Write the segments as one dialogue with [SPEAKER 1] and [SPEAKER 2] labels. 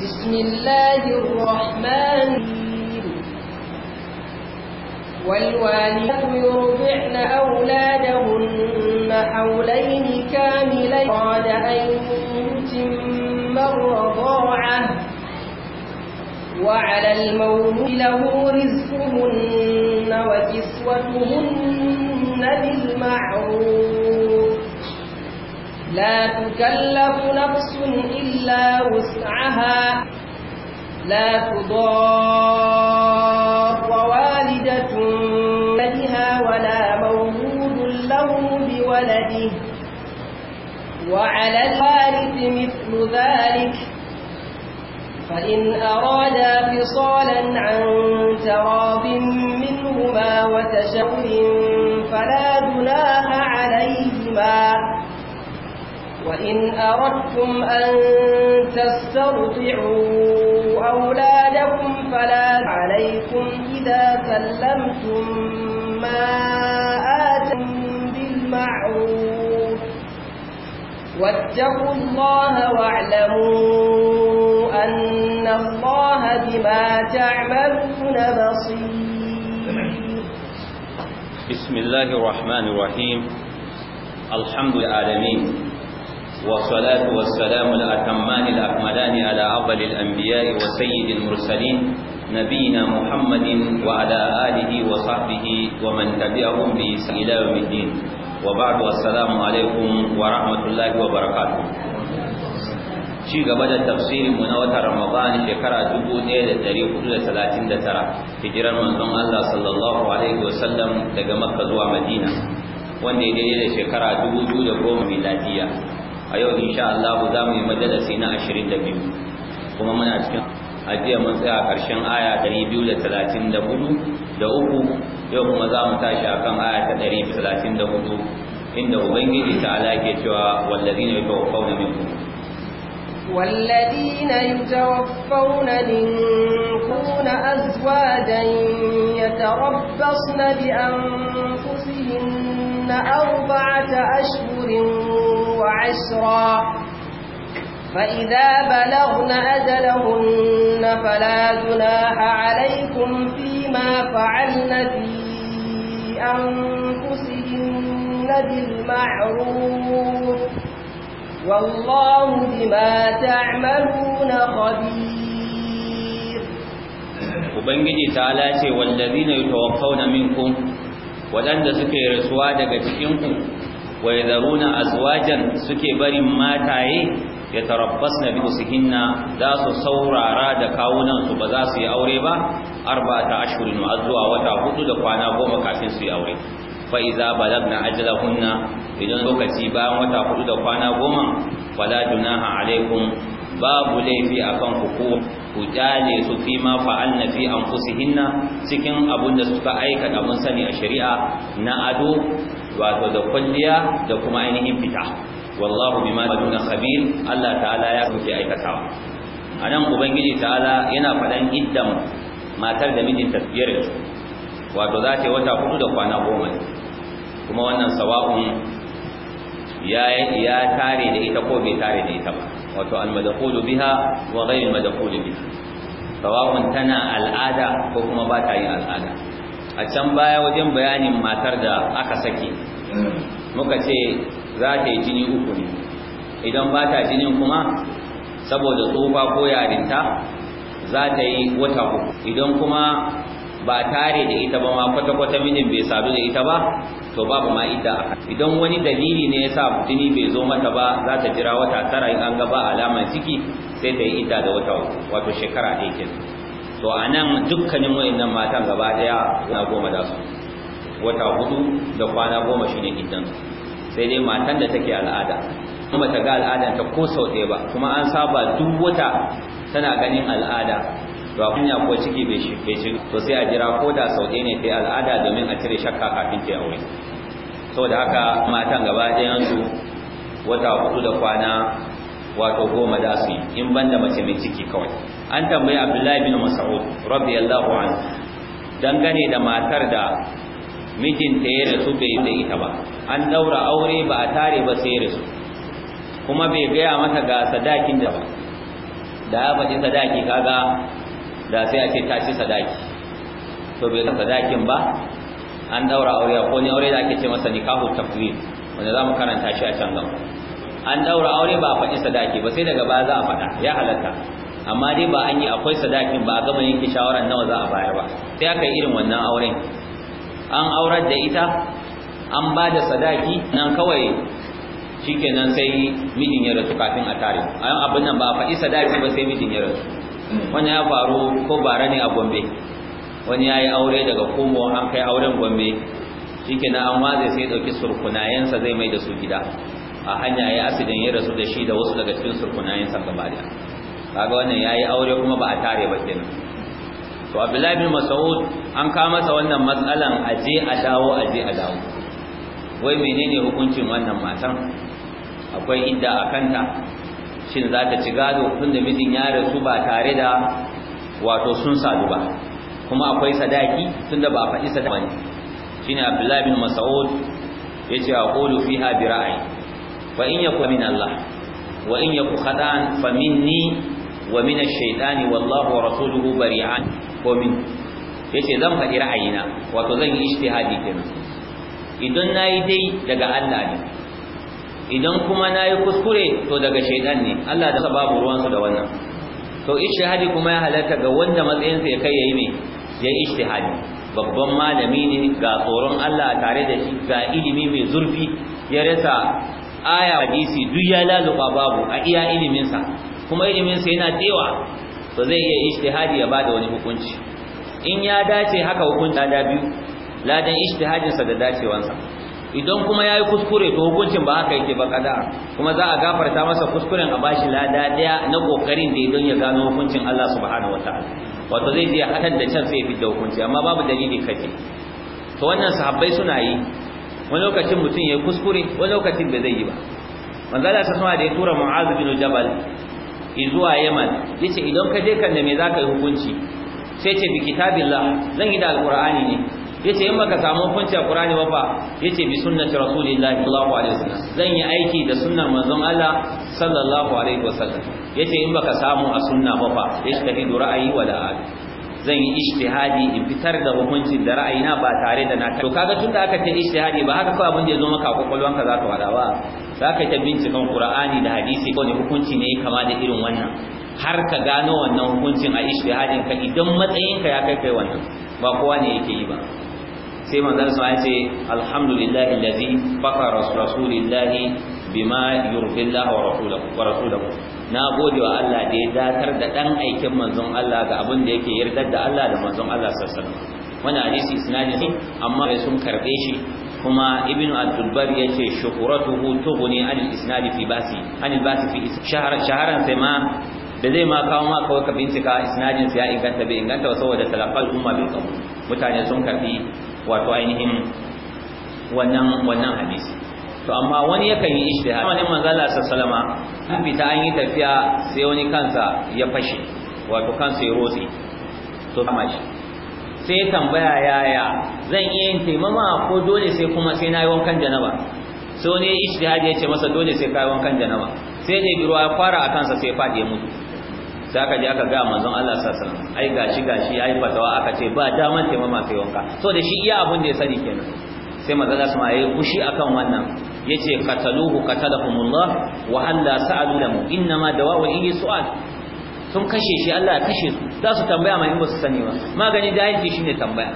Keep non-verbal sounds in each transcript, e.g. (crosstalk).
[SPEAKER 1] بسم الله الرحمن الرحيم والوالدات يرضعن أولادهن حولين كاملين بعد أن يتم الرضاعة وعلى المولود له رزقهن وكسوتهن بالمعروف لا تكلف نفس إلا وسعها لا تضار والدة بها ولا مولود له بولده وعلى الوارث مثل ذلك فإن أرادا فصالا عن تراب منهما وتشاور فلا جناح عليهما وإن أردتم أن تسترضعوا أولادكم فلا عليكم إذا سلمتم ما آتم بالمعروف واتقوا الله واعلموا أن الله بما تعملون بصير
[SPEAKER 2] بسم الله الرحمن الرحيم الحمد للعالمين والصلاة والسلام الأتمان الأكملان على أفضل الأنبياء وسيد المرسلين نبينا محمد وعلى آله وصحبه ومن تبعهم بإحسان إلى يوم الدين وبعد والسلام عليكم ورحمة الله وبركاته ci gaba da tafsirin mu na watan Ramadan shekara 1439 hijirar manzon Allah sallallahu alaihi wasallam daga Makka zuwa Madina wanda ya daidai da shekara 2010 miladiya a yau insha Allah za mu yi majalasi na 22 kuma muna cikin ajiya mun tsaya karshen aya 234 da uku yau kuma za mu tashi kan aya ta 134 inda ubangiji ta ala ke cewa wallazina yatawaffawna minkum
[SPEAKER 1] والذين يتوفون منكم أزواجا يتربصن بأنفسهن أربعة أشهر وعشرا فإذا بلغن أدلهن فلا جناح عليكم فيما فعلن في أنفسهن بالمعروف والله بما تعملون خبير
[SPEAKER 2] وبنجي تعالاتي والذين يتوفون منكم ولن تذكر رسوا دقاتكم wa yadharuna azwajan suke barin mataye ya tarabbasna bi usihinna za su saurara da kawunan su ba za su yi aure ba arba'ata ashhurin wa azwa wata hudu da kwana goma kafin su yi aure fa iza balagna ajalahunna idan lokaci bayan wata hudu da kwana goma fala junaha alaikum babu laifi akan ku ko ku kyale su fi ma fa'alna fi anfusihinna cikin abun da suka aikata mun sani a shari'a na ado wato da kwalliya da kuma ainihin fita wallahu bima taduna khabir Allah ta'ala ya kuke aikatawa anan ubangiji ta'ala yana fadan iddan matar da mijin tasbiyar wato za ta yi wata hudu da kwana goma kuma wannan sawa'un ya ya tare da ita ko bai tare da ita ba wato al-madkhulu biha wa ghayr al biha sawa'un tana al'ada ko kuma ba ta yin al'ada a can baya wajen bayanin matar da aka sake muka ce za ta yi jini uku ne idan ba ta jinin kuma saboda tsufa ko yarinta za ta yi wata uku idan kuma ba tare da ita ba ma kwata-kwata mijin bai sadu da ita ba to babu ma idda a idan wani dalili ne ya sa jini bai zo mata ba za ta jira wata tara in an gaba alamar ciki sai ta yi idda da wata wato shekara ɗaya kenan to a nan dukkanin wa'annan matan gaba daya na goma da su wata hudu da kwana goma shi ne idan sai dai matan da take al'ada kuma ta ga al'adan ta ko sau ɗaya ba kuma an saba duk wata tana ganin al'ada to abin ya ko ciki bai shi bai to sai a jira ko da sau ɗaya ne yi al'ada domin a cire shakka kafin ta aure saboda haka matan gaba ɗayan su wata hudu da kwana wato goma da su yi in banda mace mai ciki kawai an tambayi abdullahi bin mas'ud radiyallahu anhu dangane da matar da mijinta ya rasu bai da ita ba an daura aure ba a tare ba sai rasu kuma bai gaya mata ga sadakin da ba da ya faɗi sadaki kaga da sai a ce ta ci sadaki to bai ga sadakin ba an daura aure ko ne aure da ake ce masa nikahu tafwid wanda zamu karanta shi a can gaba an daura aure ba a faɗi sadaki ba sai daga baya za a faɗa ya halatta amma dai ba an yi akwai sadakin ba a gama yanke shawara nawa za a bayar ba sai aka yi irin wannan auren an aurar da ita an ba da sadaki nan kawai shikenan sai mijin ya rasu kafin a tare an abin nan ba a faɗi sadaki ba sai mijin ya rasu wannan ya faru ko bara ne a gombe wani ya yi aure daga komo an kai auren gombe shikenan an watsa sai dauki surkunayensa zai mai da su gida a hanya ya asidin ya rasu da shi da wasu daga cikin surkunayensa gaba daya kaga wannan yayi aure kuma ba a tare ba kenan to Abdullahi bin Mas'ud an ka masa wannan matsalan aje a dawo aje a dawo wai menene hukuncin wannan matan akwai idda a kanta shin za ta ci gado tun mijin ya rasu ba tare da wato sun sadu ba kuma akwai sadaki tun da ba a faɗi sadaki shine Abdullahi bin Mas'ud yace aqulu fiha bi ra'ayi wa in yakun min Allah wa in yakun khata'an fa minni wa min ash-shaytani wallahu wa rasuluhu bari'an ko min yace zan faɗi ra'ayina wato zan yi ijtihadi kenan idan nayi dai daga Allah ne idan kuma nayi kuskure to daga shaytan ne Allah da babu ruwansa da wannan to ijtihadi kuma ya halarta ga wanda matsayinsa ya kai yayi me yayi ijtihadi babban malami ne ga tsoron Allah tare da shi ga ilimi mai zurfi ya rasa aya hadisi duk ya laluba babu a iya iliminsa kuma ilimin sa yana tewa, to zai iya ijtihadi ya bada wani hukunci in ya dace haka hukunta da biyu ladan ijtihadin sa da dacewansa idan kuma yayi kuskure to hukuncin ba haka yake ba kada kuma za a gafarta masa kuskuren a bashi lada daya na kokarin da idan ya gano hukuncin Allah subhanahu wataala wato zai iya hatan da can sai fidda hukunci amma babu dalili kake to wannan sahabbai suna yi wani lokacin mutum yayi kuskure wani lokacin bai zai yi ba manzala sa sama da ya tura Mu'az bin Jabal zuwa yaman yace idan ka je kan da me zaka yi hukunci sai ce bi kitabillah zan yi da alqur'ani ne yace in baka samu hukunci a Qur'ani ba fa yace bi sunnati rasulillahi sallallahu alaihi wasallam zan yi aiki da sunnar manzon Allah sallallahu alaihi wasallam yace in baka samu a sunna ba fa yace kafi ra'ayi wala abi zan yi ijtihadi in fitar da hukuncin da ra'ayina ba tare da na to kaga tun da aka ce ijtihadi ba haka kawai abin da ya zo maka a kwakwalwanka za ka faɗa ba za ka ta bincikan qur'ani da hadisi ko ne hukunci ne kama da irin wannan har ka gano wannan hukuncin a ijtihadin ka idan matsayinka ya kai kai wannan ba kowa ne yake yi ba sai manzon sa ya ce alhamdulillahi allazi baqa rasulillahi bima yurdillahi wa rasuluhu wa rasuluhu na gode wa Allah da ya datar da dan aikin manzon Allah ga abin da yake yardar da Allah da manzon Allah sallallahu alaihi wasallam wannan hadisi isnadi ne amma bai sun karbe shi kuma ibnu al-dubbar yace shuhratuhu tughni anil isnad fi basi anil basi fi shahara shaharan sai ma da zai ma kawo ma kawai ka bincika isnadin sai ya inganta bai inganta ba saboda talaqal umma bil qabul mutane sun karbi wato ainihin wannan wannan hadisi to amma wani yakan yi ijtihad wani manzala sallama an fita an yi tafiya sai wani kansa ya fashe wato kansa ya rotse to kama shi sai tambaya yaya zan iya yin taimama ko dole sai kuma sai na yi wankan janaba sai wani ijtihad ya ce masa dole sai kai wankan janaba sai ne ruwa ya fara a kansa sai ya fadi ya mutu sai aka je aka ga manzon Allah sallallahu alaihi wasallam ai gashi gashi ai fatawa aka ce ba daman taimama kai wanka so da shi iya abun da ya sani kenan sai manzon Allah sallallahu alaihi kushi akan wannan yace qataluhu qatalahumullah wa alla sa'alu lahu inma dawa'u ilayhi su'al sun kashe shi Allah ya kashe su za su tambaya ma in ba su sani ba magani yake shine tambaya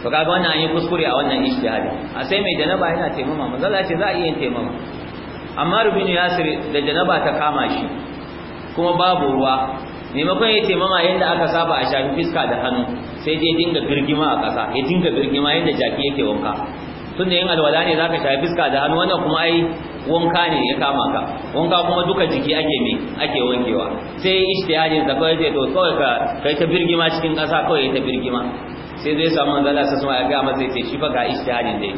[SPEAKER 2] to kaga wannan an yi kuskure a wannan ijtihadi a sai mai janaba yana taimama manzon Allah ce za a iya taimama amma rubinu yasir da janaba ta kama shi kuma babu ruwa maimakon ya taimama yadda aka saba a shafi fiska da hannu sai dai dinga birgima a ƙasa ya dinga birgima yadda jaki yake wanka tun da yin alwala ne za ka shafi fiska da hannu wannan kuma ai wanka ne ya kama ka wanka kuma duka jiki ake me ake wankewa sai ne da kawai zai to kawai ka kai ta birgima cikin ƙasa kawai ya ta birgima sai zai samu manzala sa sama ya ga masa yace shi fa ga ne dai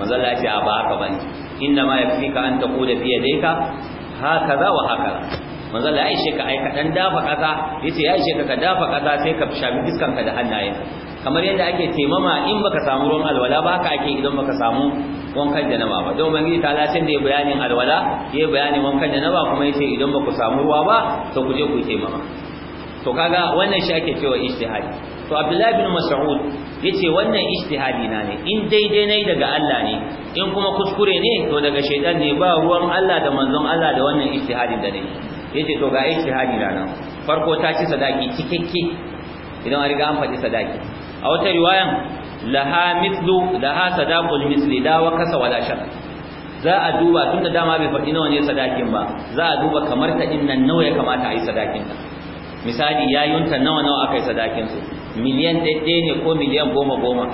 [SPEAKER 2] manzala ya ce a ba haka bane inda ma ka an fiye dai ka, haka za wa haka. manzo ya ishe ka aika dan dafa kasa yace ya ishe ka dafa kasa sai ka shafi ka da hannayen kamar yadda ake taimama in baka samu ruwan alwala ba ka ake idan baka samu wankan da nawa ba don ubangiji ta sai da bayanin alwala ya bayanin wankan da nawa kuma yace idan baku samu ruwa ba to ku je ku taimama to kaga wannan shi ake cewa ijtihadi to abdullahi bin mas'ud yace wannan ijtihadi na ne in daidai ne daga Allah ne in kuma kuskure ne to daga shaytan ne ba ruwan Allah da manzon Allah da wannan ijtihadin da ne yace to ga ijtihadi da nan farko ta ci sadaki cikakke idan an riga an faɗi sadaki a wata riwayan laha mithlu laha sadaqul misli da wa kasa wala shak za a duba tunda dama bai faɗi nawa ne sadakin ba za a duba kamar ta innan nawa ya kamata a yi sadakin ta misali yayunta nawa nawa aka yi sadakin su miliyan ɗaya ne ko miliyan goma goma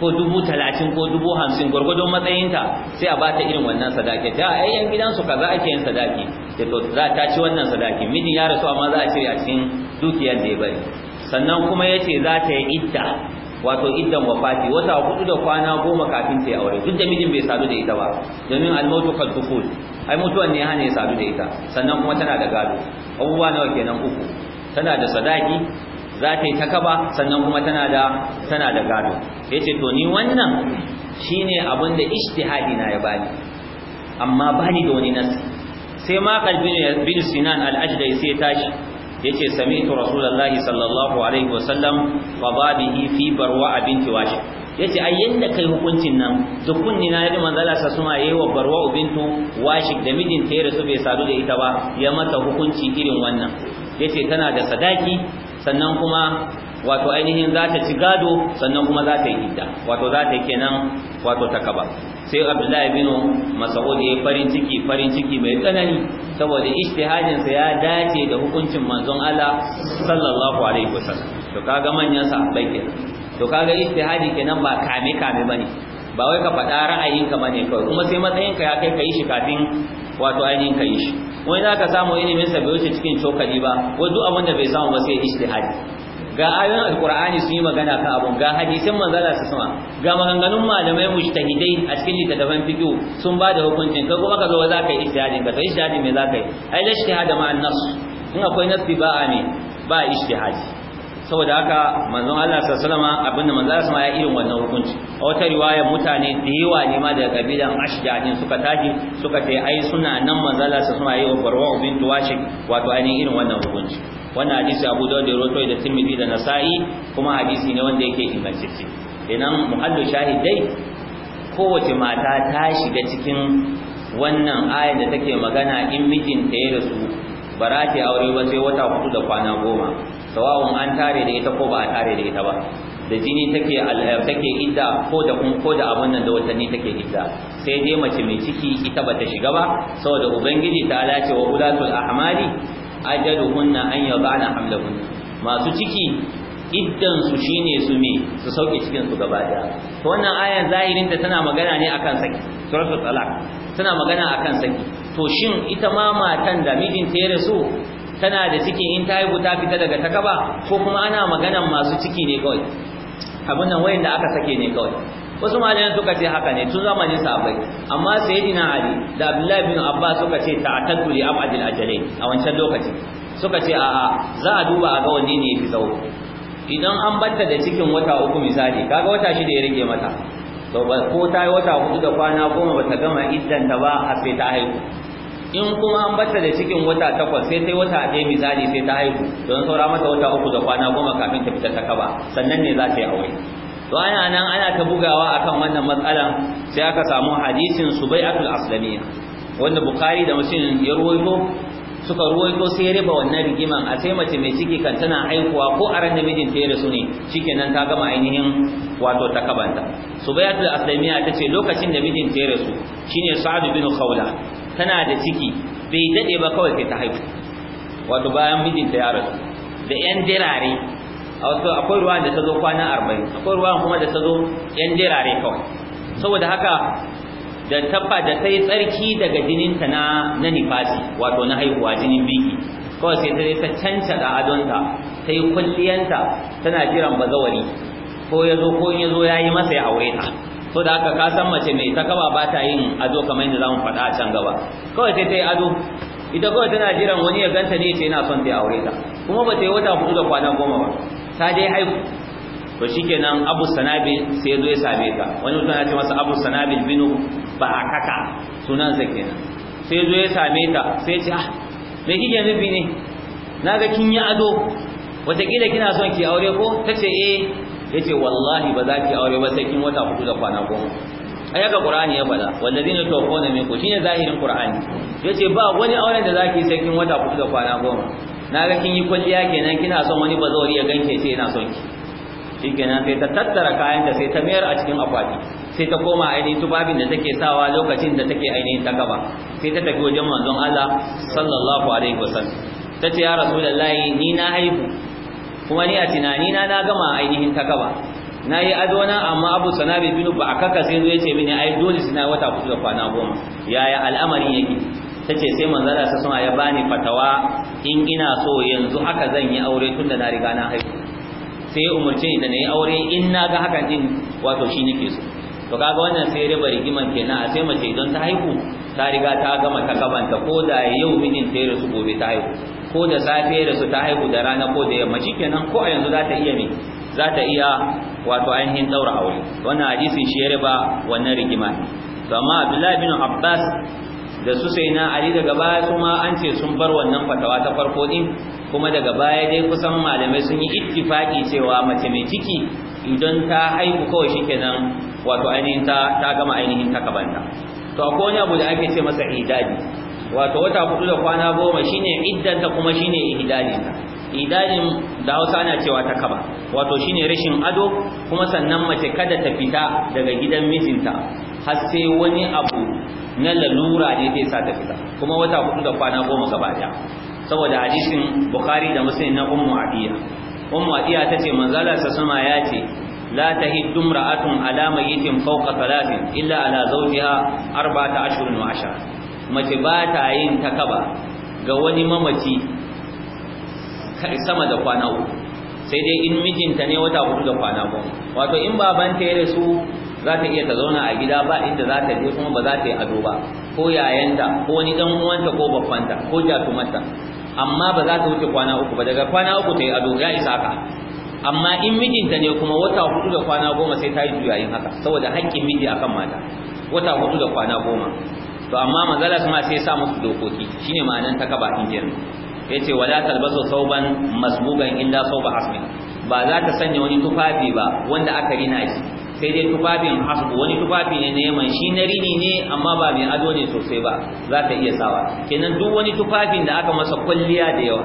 [SPEAKER 2] ko dubu talatin ko dubu hamsin gwargwadon matsayinta sai a bata irin wannan sadaki da ayyan gidansu kaza ake yin sadaki sai to za ta ci wannan sadaki mijin ya rasu amma za a cire a cikin dukiyar da ya bari sannan kuma yace za ta yi idda wato iddan wafati wata hudu da kwana goma kafin ta yi aure duk da mijin bai sadu da ita ba domin almautu kal dukhul ai mutuwan ne hane sadu da ita sannan kuma tana da gado abubuwa nawa kenan uku tana da sadaki za ta yi takaba sannan kuma tana da tana da gado yace to ni wannan shine abin da ijtihadi na ya bani amma bani da wani nasi sai maqal bin sinan al-ajdai sai tashi yace sami'tu rasulullahi sallallahu alaihi wasallam wa babihi fi barwa binti washi yace ai yanda kai hukuncin nan duk kunni na yadda manzo Allah sasuma yayi wa barwa bintu washi da mijinta ya rasu bai sadu da ita ba ya mata hukunci irin wannan yace tana da sadaki sannan kuma wato ainihin za ta ci gado sannan kuma za ta yi idda wato za ta yi kenan wato ta kaba sai abdullahi bin mas'ud ya farin ciki farin ciki mai tsanani saboda ijtihadin sa ya dace da hukuncin manzon Allah sallallahu alaihi wasallam to kaga manyan sahabbai kenan to kaga ijtihadi kenan ba kame kame bane ba wai ka faɗa ra'ayinka bane kawai kuma sai matsayinka ya kai ka yi shi kafin wato ainihin ka yi shi wani za ka samu ilimin sa bai wuce cikin cokali ba wai duk abin da bai samu ba sai ijtihadi ga ayoyin alkur'ani sun yi magana kan abun ga hadisin manzala su sama ga maganganun malamai mujtahidai a cikin littattafan fiqh sun ba da hukuncin kai kuma ka zo za ka yi ijtihadin ka to ijtihadin me za ka yi ai la ijtihad ma nas in akwai nasi ba a ne ba ijtihadi saboda haka manzon Allah sallallahu alaihi wasallam abinda manzala sama ya irin wannan hukunci a wata riwaya mutane da yawa ne ma da kabilan ashja ne suka tashi suka ce ai suna nan manzala su suna yi wa barwa bin tuwashi wato ainihin irin wannan hukunci wannan hadisi Abu Dawud da Rotoy da Tirmidhi da Nasa'i kuma hadisi ne wanda yake ingantacce Idan muhallu shahid dai, kowace mata ta shiga cikin wannan ayar da take magana in mijinta ya rasu ba za ta aure ba sai wata hudu da kwana goma sawawun an tare da ita ko ba a tare da ita ba da jini take eh, take idda ko da kun ko da abun nan da watanni take idda sai dai mace mai ciki ita bata shiga ba saboda ubangiji ta alace wa ulatul ahmali ajaluhunna an yad'ana hamlahun masu ciki iddan su shine su me su sauke cikin su gaba daya to wannan ayan zahirin ta tana magana ne akan saki suratul talaq tana magana akan saki to shin ita ma matan da mijin ta rasu tana da ciki in ta haihu ta fita daga takaba ko kuma ana maganan masu ciki ne kawai abin nan wayanda aka sake ne kawai wasu malaman suka ce haka ne tun zamanin sahabbai amma sayyidina ali da abdullahi bin abbas suka ce ta li abadil ajalai a wancan lokaci suka ce a'a za a duba a ga wanne ne yafi tsawo idan an batta da cikin wata uku misali kaga wata shida ya rage mata to ko ta yi wata hudu da kwana goma bata gama iddan ta ba a sai ta haihu in kuma an bata da cikin wata takwas sai sai wata ɗaya misali sai ta haihu don saura mata wata uku da kwana goma kafin ta fita ta kaba sannan ne za ta yi aure to ana nan ana ta bugawa akan wannan matsalan sai aka samu hadisin subai'atul aslamiyya wanda bukari da muslim ya ruwaito suka ruwaito sai ya riba wannan rigiman a sai mace mai ciki kan tana haihuwa ko a ran namijin ta ya rasu ne shikenan ta gama ainihin wato takabanta subayatul aslamiya tace lokacin da mijin ta ya rasu shine sa'ad bin khawla tana da ciki bai dade ba kawai sai ta haihu wato bayan mijinta ya rasu da yan dirare a wasu akwai ruwa da ta zo kwana arba'in akwai ruwa kuma da ta zo yan dirare kawai saboda haka da tabba da ta tsarki daga jininta na na nifasi wato na haihuwa jinin biki kawai sai ta ta canta da adonta ta yi kulliyanta tana jiran bazawari ko ya zo ko in ya zo ya yi masa ya aure ta so da haka ka san mace mai ta kaba ba ta yin ado kamar yadda zamu faɗa a can gaba kawai sai ta yi ado ita kawai tana jiran wani ya ganta ne ce yana son ta aure ta kuma ba ta yi wata huɗu da kwana goma ba ta dai haihu to shikenan Abu Sanabil sai zo ya same ta wani mutum ya ce masa Abu Sanabil binu ba sunan sa kenan sai zo ya same ta sai ce ah me kike nufi ne naga kin yi ado wataƙila kina son ki aure ko ta ce eh yace wallahi ba za ki aure ba sai kin wata hudu da kwana goma ai ga qur'ani ya bada wallazina tawfuna minku shine zahirin qur'ani yace ba wani auren da zaki sai kin wata hudu da kwana goma ga kin yi kulliya kenan kina son wani bazawari ya ganke sai ina son ki shikenan sai ta tattara kayan da sai ta mayar a cikin akwati sai ta koma ainihin tubabin da take sawa lokacin da take ainihin ta gaba sai ta tafi wajen manzon Allah sallallahu alaihi wasallam tace ya rasulullahi ni na haihu kuma ni a tunani na na gama ainihin ta gaba na yi adona amma abu sanabi bin ba a kaka sai zuwa ce mini ai dole na wata kusa da kwana goma yaya al'amari yake ta ce sai manzala ta suna ya bani fatawa in ina so yanzu haka zan yi aure tun da na riga na haihu sai umarci ni da na yi aure in na ga hakan din wato shi nake so to kaga wannan sai riba rigiman kenan a sai mace idan ta haihu ta riga ta gama ta gabanta ko da yau minin ta yi rasu gobe ta haihu ko da safe da su ta haihu da rana ko da yamma shikenan ko a yanzu za ta iya ne za ta iya wato ainihin daura aure wannan hadisin shi ya riba wannan rigima to amma Abdullahi bin Abbas da su sai na Ali daga baya kuma an ce sun bar wannan fatawa ta farko din kuma daga baya dai kusan malamai sun yi ittifaki cewa mace mai ciki idan ta haihu kawai shikenan wato ainihin ta ta gama ainihin takabanta to akwai wani abu da ake ce masa idadi wato wata hudu da kwana goma shine iddanta kuma shine ihdalin idalin da Hausa na cewa ta kaba wato shine rashin ado kuma sannan mace kada ta fita daga gidan mijinta har sai wani abu na lalura ne zai sa ta fita kuma wata hudu da kwana goma gaba daya saboda hadisin Bukhari da Muslim na Ummu Adiya Ummu Adiya tace manzala sa sama ya ce لا تهد امرأة على ميت فوق ثلاث إلا على زوجها أربعة أشهر وعشرة mace ba ta yin takaba ga wani mamaci sama da kwana uku sai dai in mijinta ne wata hudu da kwana goma wato in babanta ya rasu za ta iya ta zauna a gida ba inda za ta je kuma ba za ta yi ado ba ko yayanta ko wani dan uwanta ko babbanta ko jatumarta amma ba za ta wuce kwana uku ba daga kwana uku ta yi ado ya isa ka amma in mijinta ne kuma wata hudu da kwana goma sai ta yi juyayin haka saboda haƙƙin miji akan mata wata hudu da kwana goma to amma manzala kuma sai ya sa musu dokoki shine ma'anan takaba din kenan yace wala talbasu sauban masbugan illa sauba hasmi ba za ta sanya wani tufafi ba wanda aka rina shi sai dai tufafin hasbu wani tufafi ne na yaman shi na rini ne amma ba mai ado ne sosai ba za ta iya sawa kenan duk wani tufafin da aka masa kwalliya da yawa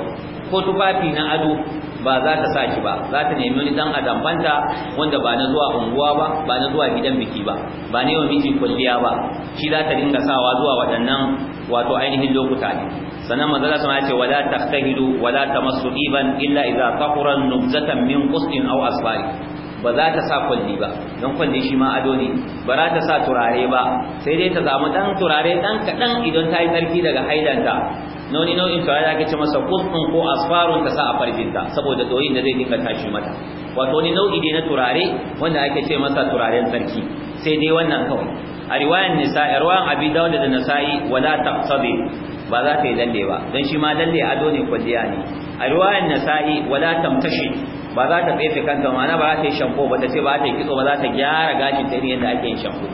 [SPEAKER 2] ko tufafi na ado ba za ta saki ba za ta nemi wani dan adambanta wanda ba na zuwa unguwa ba ba na zuwa gidan biki ba ba ne wa miji kulliya ba shi za ta dinga sawa zuwa waɗannan wato ainihin lokuta ne sannan manzo Allah ya ce wala tahtahilu wala tamassu iban illa idza tahura nubzatan min qustin aw asfari ba za ta sa kwalli ba don kwalli shi ma ado ne ba za ta sa turare ba sai dai ta zama dan turare dan kadan idan ta yi sarki daga haidanta na wani nau'in turare da ake masa kufin ko asfarun ka sa a farjinta saboda doyin da zai dinga tashi mata wato wani nau'i ne na turare wanda ake ce masa turaren sarki sai dai wannan kawai a riwayan nisa'i ruwan abi dawud da Nisa'i wala taqtabi ba za ta yi lalle ba don shi ma lalle ado ne kwalliya ne a riwayan Nisa'i wala tamtashi ba za ta tsefe kanta ma'ana ba za ta yi shampo ba ta ce ba ta yi kitso ba za ta gyara gashin ta irin yadda ake yin shampo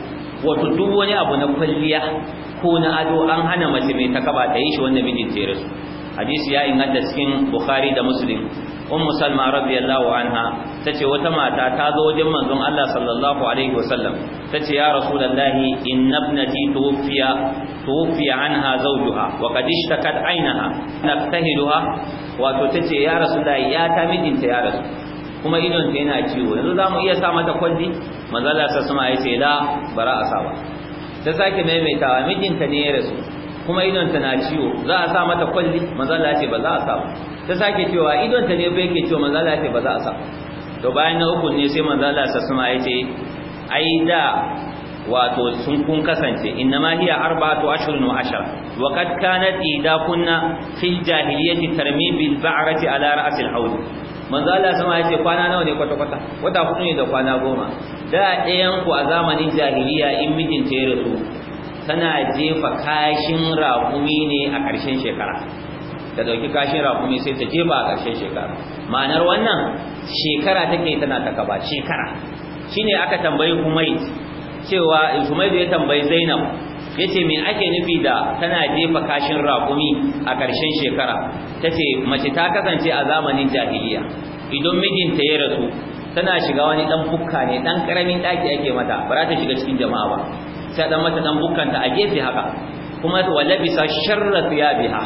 [SPEAKER 2] wato duk wani abu na kwalliya ko na ado an hana mace mai takaba ta yi shi wannan mijin ta rasu hadisi ya inganta cikin bukhari da muslim ummu salma radiyallahu anha tace wata mata ta zo wajen manzon Allah sallallahu alaihi wasallam tace ya rasulullahi inna ibnati tuwfiya tuwfiya anha zawjuha wa qad ishtakat ainaha naftahiluha wato tace ya rasulullahi ya ta mijinta ya rasu kuma idon ta yana ciwo yanzu za mu iya sa mata kwalli manzo Allah sa sama yace la bara a sa ba ta sake maimaitawa mijinta ne ya rasu kuma idon ta na ciwo za a sa mata kwalli manzo Allah yace ba za a sa ba ta sake cewa idon ta ne ba yake ciwo manzo Allah yace ba za a sa to bayan na uku ne sai manzo Allah suma ya ce? ai da wato sun kun kasance innama hiya arba'atu ashhurun wa ashara wa kad kanat ida kunna fil jahiliyyati tarmi bil ba'rati ala ra'sil hawd manzo Allah sama ya ce kwana nawa ne kwata kwata wata hudu ne da kwana goma da ɗayan ku a zamanin jahiliya in mijin ta ya rasu tana jefa kashin raƙumi ne a ƙarshen shekara ta ɗauki kashin raƙumi sai ta jefa a ƙarshen shekara ma'anar wannan shekara take tana ta kaba shekara shine aka tambayi kumai cewa Humayd ya tambayi Zainab yace me ake nufi da tana jefa kashin raƙumi a ƙarshen shekara tace mace ta kasance a zamanin jahiliya idan mijinta ya rasu tana shiga wani dan bukka ne dan karamin daki ake mata ba za ta shiga cikin jama'a ba sai dan mata dan bukkanta a gefe haka kuma walabisa sharra thiyabiha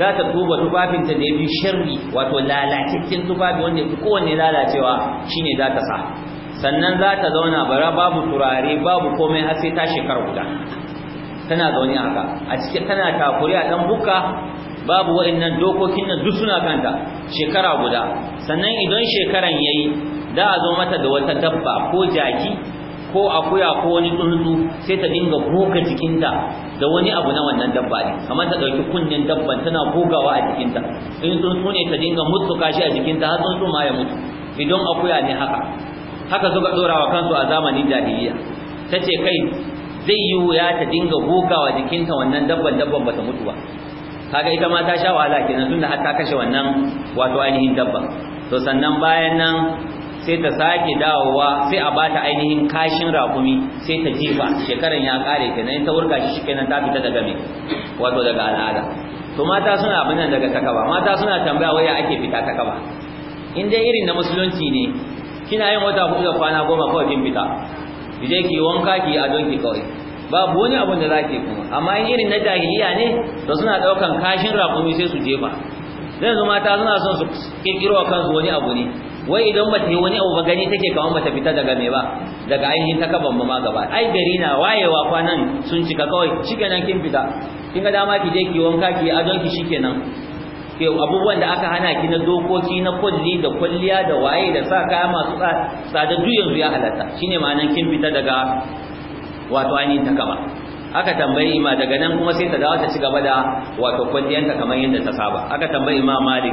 [SPEAKER 2] za ta tuba tufafinta da ya fi sharri wato lalataccen tufafi wanda duk wanne lalacewa shine za ta sa sannan za ta zauna bara babu turare babu komai har sai ta shekar guda tana zaune haka a cikin tana takuri a dan bukka? babu wa'annan dokokin nan duk suna kanta shekara guda sannan idan shekaran yayi da a zo mata da wata dabba ko jaki ko akuya ko wani tsuntsu sai ta dinga goga jikinta da wani abu na wannan dabba ne kamar ta dauki kunnen dabban tana gogawa a jikinta in tsuntsu ne ta dinga mutsuka shi a jikinta har tsuntsu ma ya mutu idan akuya ne haka haka suka dora wa kansu a zamanin jahiliya tace kai zai yi wuya ta dinga gogawa jikinta wannan dabban dabban bata mutu ba kaga ita ma ta sha wahala kenan tunda har ta kashe wannan wato ainihin dabba to sannan bayan nan sai ta sake dawowa sai a bata ainihin kashin rakumi sai ta jifa shekaran ya kare kenan ta wurga shi kenan ta fita daga me wato daga al'ada to mata suna abin nan daga takaba mata suna tambaya waya ake fita takaba in dai irin na musulunci ne kina yin wata hudu da kwana goma kawai kin fita ki je ki wanka ki a don kawai babu wani abin da zake kuma amma in irin na jahiliya ne to suna daukan kashin rakumi sai su jefa yanzu mata suna son su kirkiro wa kansu wani abu ne wai idan ba wani abu ba gani take kamar bata fita daga me ba daga ainihin ta kaban ba ma gaba ai gari na wayewa kwanan sun cika kawai shikenan kin fita kin ga dama ki je ki wanka ki adon ki shikenan ke abubuwan da aka hana ki na dokoki na kulli da kulliya da waye da sa kaya masu tsada duk yanzu ya halatta shine ma'anan kin fita daga wato ainihin ta kama aka tambayi ma daga nan kuma sai ta dawo ta ci gaba da wato kwalliyanta kamar yadda ta saba aka tambayi ma malik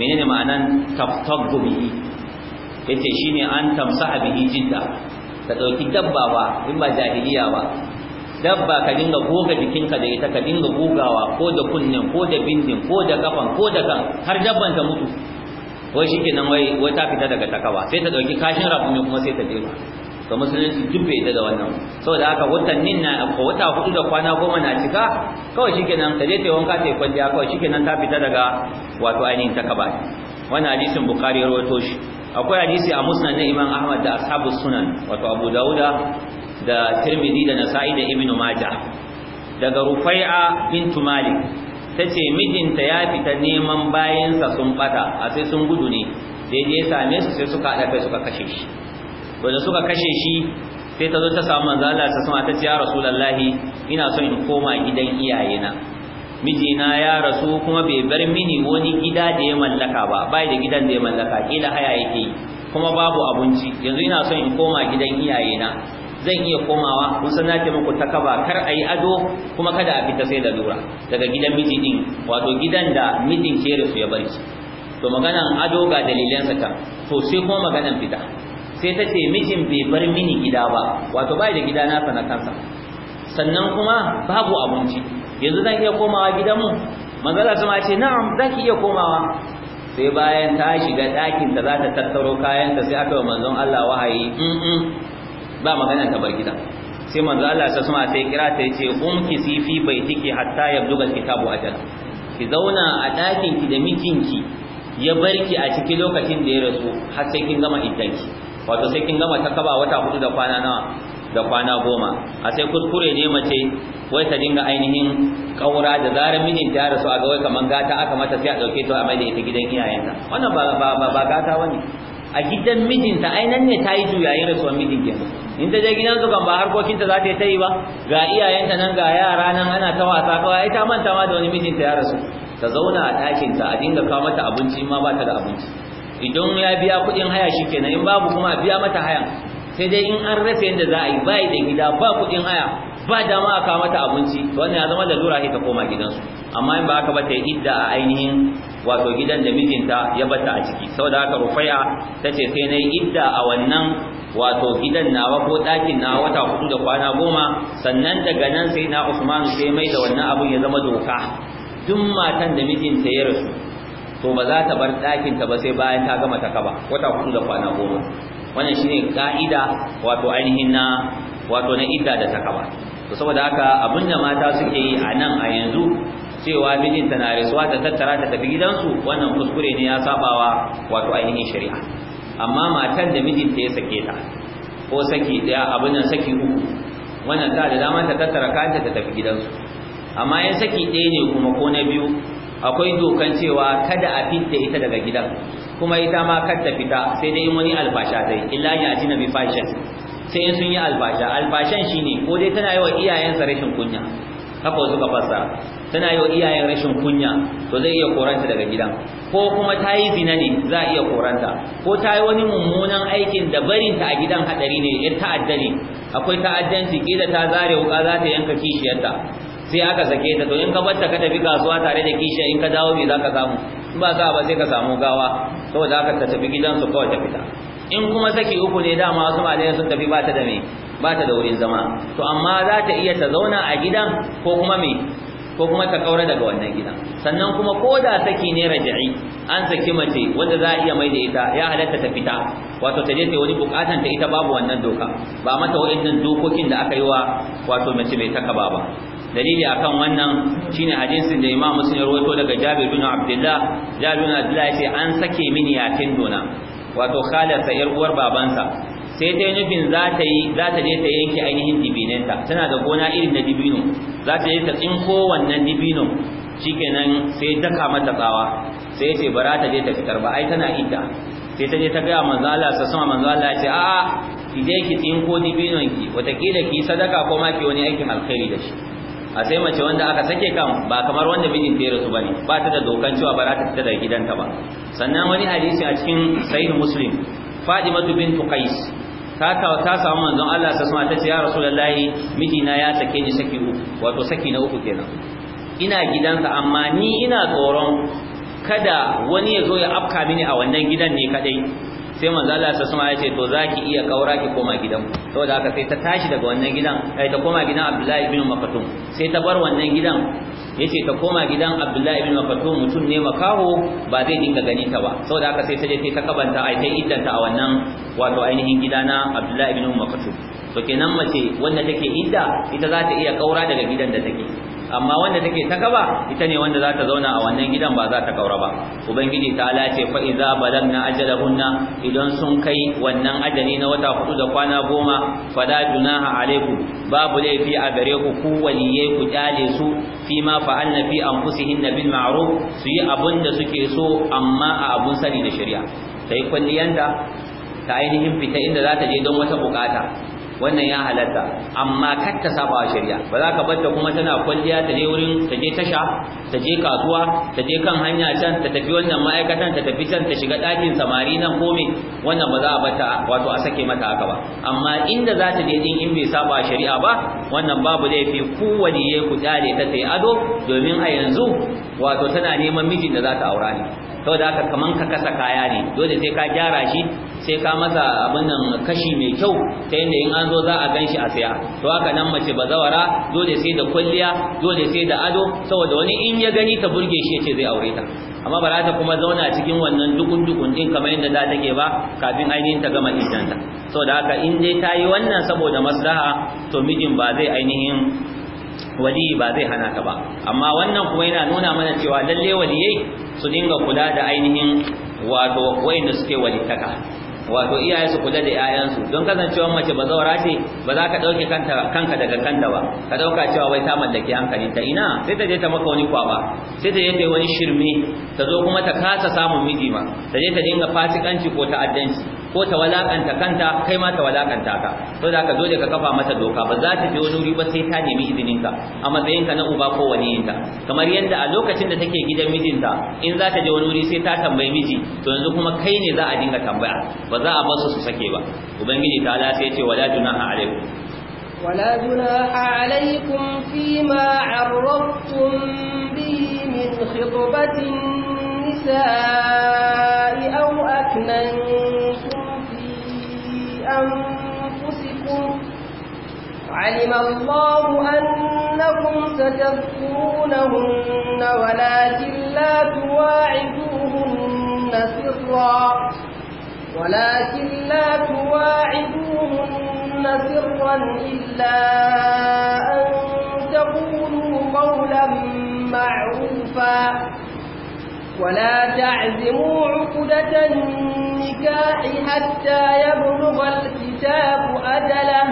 [SPEAKER 2] menene ma'anan taftaddu bihi yace shine an tamsaha bihi jidda ta dauki dabba ba in ba jahiliya ba dabba ka dinga goga jikinka da ita ka dinga gogawa ko da kunnen ko da bindin ko da kafan ko da kan har dabban ta mutu wai shikenan wai wai ta fita daga takawa sai ta dauki kashin rabu kuma sai ta jefa to musulunci duk bai da wannan saboda haka watannin na ko wata hudu da kwana goma na cika kawai shikenan ta je ta wanka ta kwalliya kawai shikenan ta fita daga wato ainihin ta kaba wannan hadisin bukhari ya rawaito shi akwai hadisi a musnad na imam ahmad da ashabu sunan wato abu dauda da tirmidhi da nasa'i da ibnu majah daga rufai'a bintu malik tace mijinta ya fita neman bayansa sun bata a sai sun gudu ne sai ya same su sai suka haɗa kai suka kashe shi wanda suka kashe shi sai ta zo ta samu manzo Allah ta sama ta ce ya rasulullahi ina son in koma gidan iyayena mijina ya rasu kuma bai bar mini wani gida da ya mallaka ba bai da gidan da ya mallaka kila haya yake kuma babu abinci yanzu ina son in koma gidan iyayena zan iya komawa kun san nake muku takaba kar ayi ado kuma kada a fita sai da lura daga gidan miji din wato gidan da mijin ke rasu ya bari to maganan ado ga dalilan sa to sai kuma maganan fita sai ta ce mijin bai bar mini gida ba wato bai da gida na sana kansa sannan kuma babu abinci yanzu zan iya komawa gidanmu manzala ma ce na'am zaki iya komawa sai bayan ta shiga ɗakin ta za ta tattaro kayan ta sai aka yi manzon Allah wahayi in ba magana ta bar gida sai manzon Allah sai sama sai kira ta ce umki sifi bai baitiki hatta buga kitabu ajal ki zauna a ɗakin ki da mijinki ya barki a cikin lokacin da ya rasu har sai kin gama iddanki wato sai kin gama ta kaba wata hudu da kwana nawa da kwana goma a sai kuskure ne mace wai ta dinga ainihin kaura da zarar minin ta rasu a ga wai kaman gata aka mata sai a dauke ta a mai da ita gidan iyayenta wannan ba ba ba gata bane a gidan mijinta ainan ne ta yi juyayin rasuwar mijin ke in ta je gidan su kan ba harkokinta za ta yi ta yi ba ga iyayenta nan ga yara nan ana ta wasa kawai ita manta ma da wani mijinta ya rasu ta zauna a ɗakinta a dinga kawo mata abinci ma ba ta da abinci idan ya biya kuɗin haya shi kenan in babu kuma biya mata haya sai dai in an rasa yadda za a yi bai da gida ba kuɗin haya ba dama a mata abinci to wannan ya zama lalura sai ta koma gidansu amma in ba aka ba ta idda a ainihin wato gidan da mijinta ya bata a ciki saboda haka rufaya ta ce sai na idda a wannan wato gidan nawa ko ɗakin nawa wata hudu da kwana goma sannan daga nan sai na Usman sai mai da wannan abun ya zama doka duk matan da mijinta ya rasu to ba za ta bar ɗakin ta ba sai bayan ta gama ta kaba wata hudu da kwana goma wannan shine ka'ida wato ainihin na wato na idda da ta kaba to saboda haka abinda mata suke yi a nan a yanzu cewa mijinta na rasuwa ta tattara ta tafi gidansu wannan kuskure ne ya sabawa wato ainihin shari'a amma matan da mijinta ya sake ta ko saki ɗaya abin nan saki uku wannan ta da dama ta tattara kanta ta tafi gidansu amma yan saki ɗaya ne kuma ko na biyu akwai dokan cewa kada a fitta ita daga gidan kuma ita ma kar ta fita sai dai wani albasha dai illa ya ji na bi sai in sun yi albasha albashan shine ko dai tana yi wa iyayensa rashin kunya haka suka fassa, tana yi wa iyayen rashin kunya to zai iya koranta daga gidan ko kuma ta yi zina ne za a iya koranta ko ta yi wani mummunan aikin da barinta a gidan hadari ne ya ta'adda ne akwai ta'addanci kila ta zare wuka za ta yanka kishiyarta sai aka sake ta to in ka bar ta ka tafi kasuwa tare da kishi in ka dawo me za ka samu in ba za ba sai ka samu gawa saboda haka ta tafi gidan su kawai ta fita in kuma saki uku ne dama ma dai sun tafi ba ta da me ba ta da wurin zama to amma za ta iya ta zauna a gidan ko kuma me ko kuma ta kaura daga wannan gidan sannan kuma ko da saki ne raja'i an saki mace wanda za a iya mai da ita ya halatta ta fita wato ta je ta wani bukatan ta ita babu wannan doka ba mata wa'annan dokokin da aka yi wa wato mace mai takaba ba dalili akan wannan shine hadisin da Imam Muslim ya rawaito daga Jabir bin Abdullah Jabir bin Abdullah yace an sake mini yatin dona wato khalarsa yar uwar babansa sai ta yi nufin za ta yi za ta je ta yanke ainihin dibinanta tana da gona irin na dibino za ta je ta tsinko wannan dibino shikenan sai ta kama ta tsawa sai ce bara ta je ta fitar ba ai tana idda sai ta je ta gaya manzo Allah sa sama manzo Allah ya ce a'a ki je ki tsinko dibinon ki watakila ki sadaka ko ma ki wani aikin alkhairi da shi a sai mace wanda aka sake kan ba kamar wanda mijin ta rasu bane ba ta da dokan cewa ba za ta fita daga gidanta ba sannan wani hadisi a cikin sahih muslim fadimatu bint qais ta ta samu manzon Allah sa sama ta ce ya rasulullahi mijina ya sake ni saki uku wato saki na uku kenan ina gidansa amma ni ina tsoron kada wani ya zo ya afka mini a wannan gidan ne kadai sai manzo Allah ya sama yace to zaki iya kaura ki koma gidan saboda haka sai ta tashi daga wannan gidan sai eh, ta koma gidan Abdullahi ibn Makatum sai ta bar wannan gidan yace ta koma gidan Abdullahi ibn Makatum mutum ne makaho ba zai dinga gani ta ba saboda haka sai ta je ta kabanta ai ta iddanta a wannan wato ainihin gidana Abdullahi ibn Makatum to kenan mace wanda take idda ita za ta iya kaura daga gidan da take amma wanda take ta gaba ita ne wanda za ta zauna a wannan gidan ba za ta kaura ba ubangiji ta lace fa iza balagna ajalahunna idan sun kai wannan ajali na wata hudu da kwana goma fala junaha alaiku babu laifi a gare ku ku waliyai ku ƙyale su fi ma fa'alna fi anfusihin bil ma'ruf su yi abin da suke so amma a abun sani da shari'a sai kulliyanta ta ainihin fita inda za ta je don wata bukata wannan ya halatta amma kar ta saba shari'a ba za ka barta kuma tana kwalliya ta je wurin ta je tasha ta je kasuwa ta je kan hanya can ta tafi wannan ma'aikatan ta tafi can ta shiga ɗakin samari nan ko me wannan ba za a bata wato a sake mata haka ba amma inda za ta je din in bai saba shari'a ba wannan babu laifi kowane ya ku tsare ta ta yi ado domin a yanzu wato tana neman mijin da za ta aura ne saboda haka kaman ka kasa kaya ne dole sai ka gyara shi sai ka masa abin nan kashi mai kyau ta yadda in an zo za a ganshi a saya to haka nan mace bazawara dole sai da kulliya dole sai da ado saboda wani in ya gani ta burge shi yace zai aure ta amma ba za ta kuma zauna cikin wannan dukun dukun din kamar yadda za take ba kafin ainihin ta gama ta, saboda haka in dai ta yi wannan saboda maslaha to mijin ba zai ainihin wali ba zai hana ta ba amma wannan kuma yana nuna mana cewa lalle waliyai su dinga kula da ainihin wato wayanda suke walittaka wato iyaye su kula da 'ya'yansu, don kasancewar mace ba zaura ce ba za ka ɗauke kanka daga kanta ba ka ɗauka cewa wai ta mallaki hankali ta ina sai ta je ta maka wani kwaba sai ta je ta yi wani shirme ta zo kuma ta kasa samun miji ma ta je ta dinga fasikanci ko ta'addanci ko ta walakanta kanta kai ma ta walakanta ka to da ka dole ka kafa mata doka ba za ta je wani wuri ba sai ta nemi izinin ka a matsayin ka na uba ko wani yinta kamar yadda a lokacin da take gidan mijinta in za ta je wani wuri sai ta tambayi miji to yanzu kuma kai ne za a dinga tambaya ba za a bar su su sake ba ubangiji ta ala sai ce wala junaha alaikum
[SPEAKER 1] ولا alaikum fi ma عرضتم bi min khitbatin النساء aw aknan علم الله أنكم ستذكرونهن ولكن لا تواعدوهن سرا ولكن لا تواعدوهن سرا إلا أن تقولوا قولا معروفا ولا تعزموا عقدة النكاح حتى يبلغ الكتاب أجله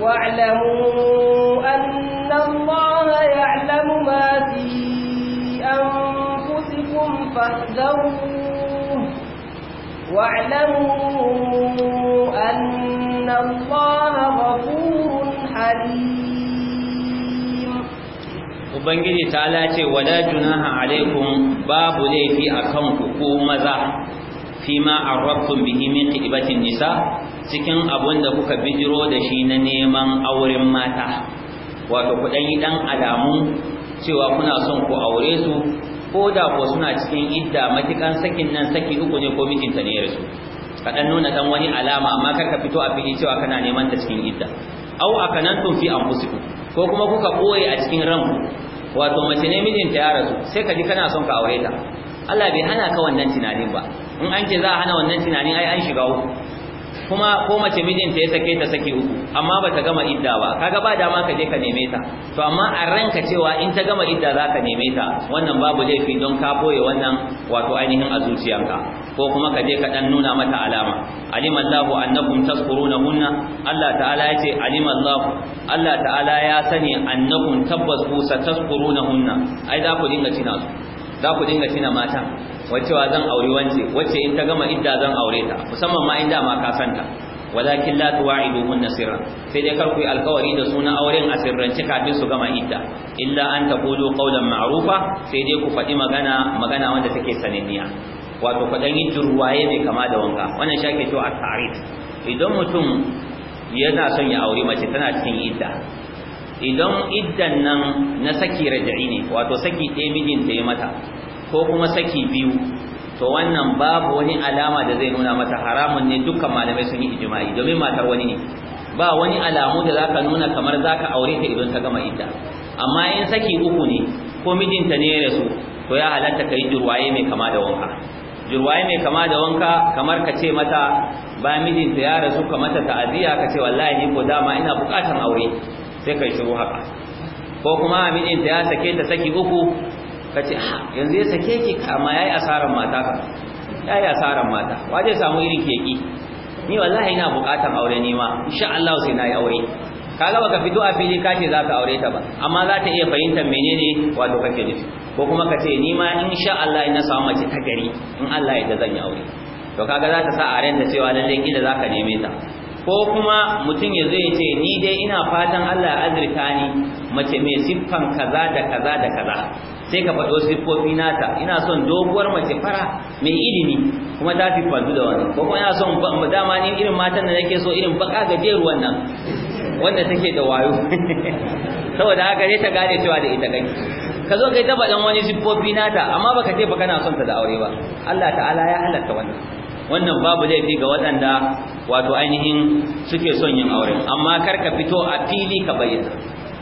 [SPEAKER 1] واعلموا أن الله يعلم ما في أنفسكم فاحذروه واعلموا أن الله غفور حليم
[SPEAKER 2] Ubangiji ta lace wala junaha alaikum babu laifi a ku ko maza fima a bihi min qibatin nisa cikin abun da kuka bijiro da shi na neman auren mata wato ku dan yi dan alamu cewa kuna son ku aure su ko da ko suna cikin idda matikan sakin nan saki uku ne ko mijinta ne ya ka dan nuna dan wani alama amma kar ka fito a fili cewa kana neman ta cikin idda aw akanantum fi anfusikum ko kuma kuka boye a cikin ranku wato mace ne mijinta ya rasu sai ka ji kana son ka aure ta Allah bai hana ka wannan tunanin ba in an ce za a hana wannan tunanin ai an shiga uku kuma ko mace mijinta ya sake ta saki uku amma bata gama idda ba kaga ba dama ka je ka neme ta to amma a ranka cewa in ta gama idda za ka neme ta wannan babu laifi don ka boye wannan wato ainihin a zuciyarka ko kuma ka je ka dan nuna mata alama alima Allahu annakum hunna Allah ta'ala ya ce alima Allahu Allah ta'ala ya sani annakum tabbas ku hunna ai za ku dinga cina za ku dinga cina matan wa zan aure wance wace in ta gama idda zan aure ta musamman ma in dama ka santa walakin la tuwa'iduhun nasira sai dai kar ku yi alkawari da suna auren a sirrance kafin su gama idda illa an taqulu qawlan ma'rufa sai dai ku faɗi magana magana wanda take sananniya wato ku dan yi mai kama da wanka wannan shake to a tarit. idan mutum yana son ya aure mace tana cikin idda idan iddan nan na saki raja'i ne wato saki ɗaya mijinta ya mata ko kuma saki biyu to wannan babu wani alama da zai nuna mata haramun ne dukkan malamai sun yi ijma'i domin matar wani ne ba wani alamu da zaka nuna kamar zaka aure ta idan ta gama idda amma in saki uku ne ko mijinta ne ya rasu to ya halatta kai jurwaye mai kama da wanka jurwaye mai kama da wanka kamar ka ce mata ba mijinta ya rasu ka mata ta'aziya ka ce wallahi ni ko dama ina bukatan aure sai kai shiru haka ko kuma mijinta ya sake ta saki uku ka ce yanzu ya sake ki amma yayi asaran mata ka yayi asaran mata wa samu irin keki ni wallahi ina bukatan aure ne ma insha Allah sai nayi aure kaga baka fito a fili ka ce zaka aure ta ba amma za ta iya fahimtar menene wato kake nufi ko kuma ka ce ni ma insha Allah ina samu mace ta gari in Allah ya da zan yi aure to kaga za ta sa a da cewa lalle kila zaka neme ta ko kuma mutum ya zai ce ni dai ina fatan Allah ya azirta ni mace mai siffan kaza da kaza da kaza sai ka faɗo siffofi nata ina son doguwar mace fara mai ilimi kuma ta fi faɗu da wani ko kuma ina son dama ni irin matan da nake so irin baka gajeruwan nan wanda take da wayo (laughs) saboda haka ne ta gane cewa da ita kai ka zo kai ta faɗan wani siffofi nata amma baka ce baka na son ta da aure ba Allah ta'ala ya halatta wannan wannan babu laifi ga waɗanda wato ainihin suke son yin aure amma kar ka fito a fili ka bayyana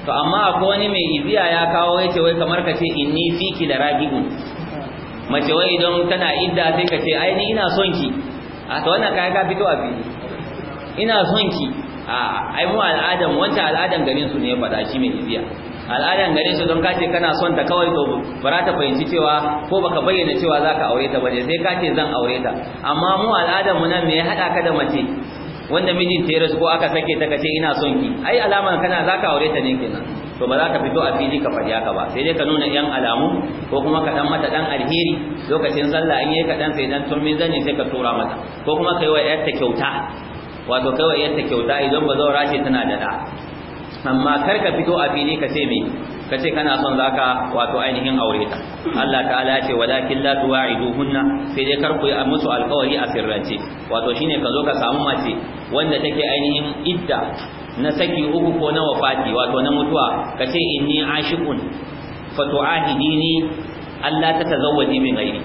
[SPEAKER 2] to amma akwai wani mai ibiya ya kawo ce wai kamar ka ce inni fiki da ragiun mace wai idan tana idda sai ka ce ai ni ina son ki a to wannan kai ka fito a fili ina son ki a ai mu al'adam wancan al'adam garin su ne ya faɗa shi mai ibiya al'adan gare shi don kace kana son ta kawai to bara ta fahimci cewa ko baka bayyana cewa zaka aure ta bane sai kace zan aure ta amma mu al'adan mu nan me ya hada ka da mace wanda mijin ta rasu ko aka sake ta kace ina son ki ai alaman kana zaka aure ta ne kenan to ba za ka fito a fili ka fadi haka ba sai dai ka nuna yan alamu ko kuma ka dan mata dan alheri lokacin sallah an yi ka dan sai dan tun min zani sai ka tura mata ko kuma kai wa yarta kyauta wato kai wa yarta kyauta idan ba zaura ce tana da da amma kar ka fito a fili ka ce me ka ce kana son zaka wato ainihin aure ta Allah ta'ala ya ce walakin la tuwa'iduhunna sai dai kar ku yi musu alƙawari a sirrance wato shine ka zo ka samu mace wanda take ainihin idda na saki uku ko na wafati wato na mutuwa kace inni ashiqun fatu'ahidini Allah ta tazawwaji min ghairi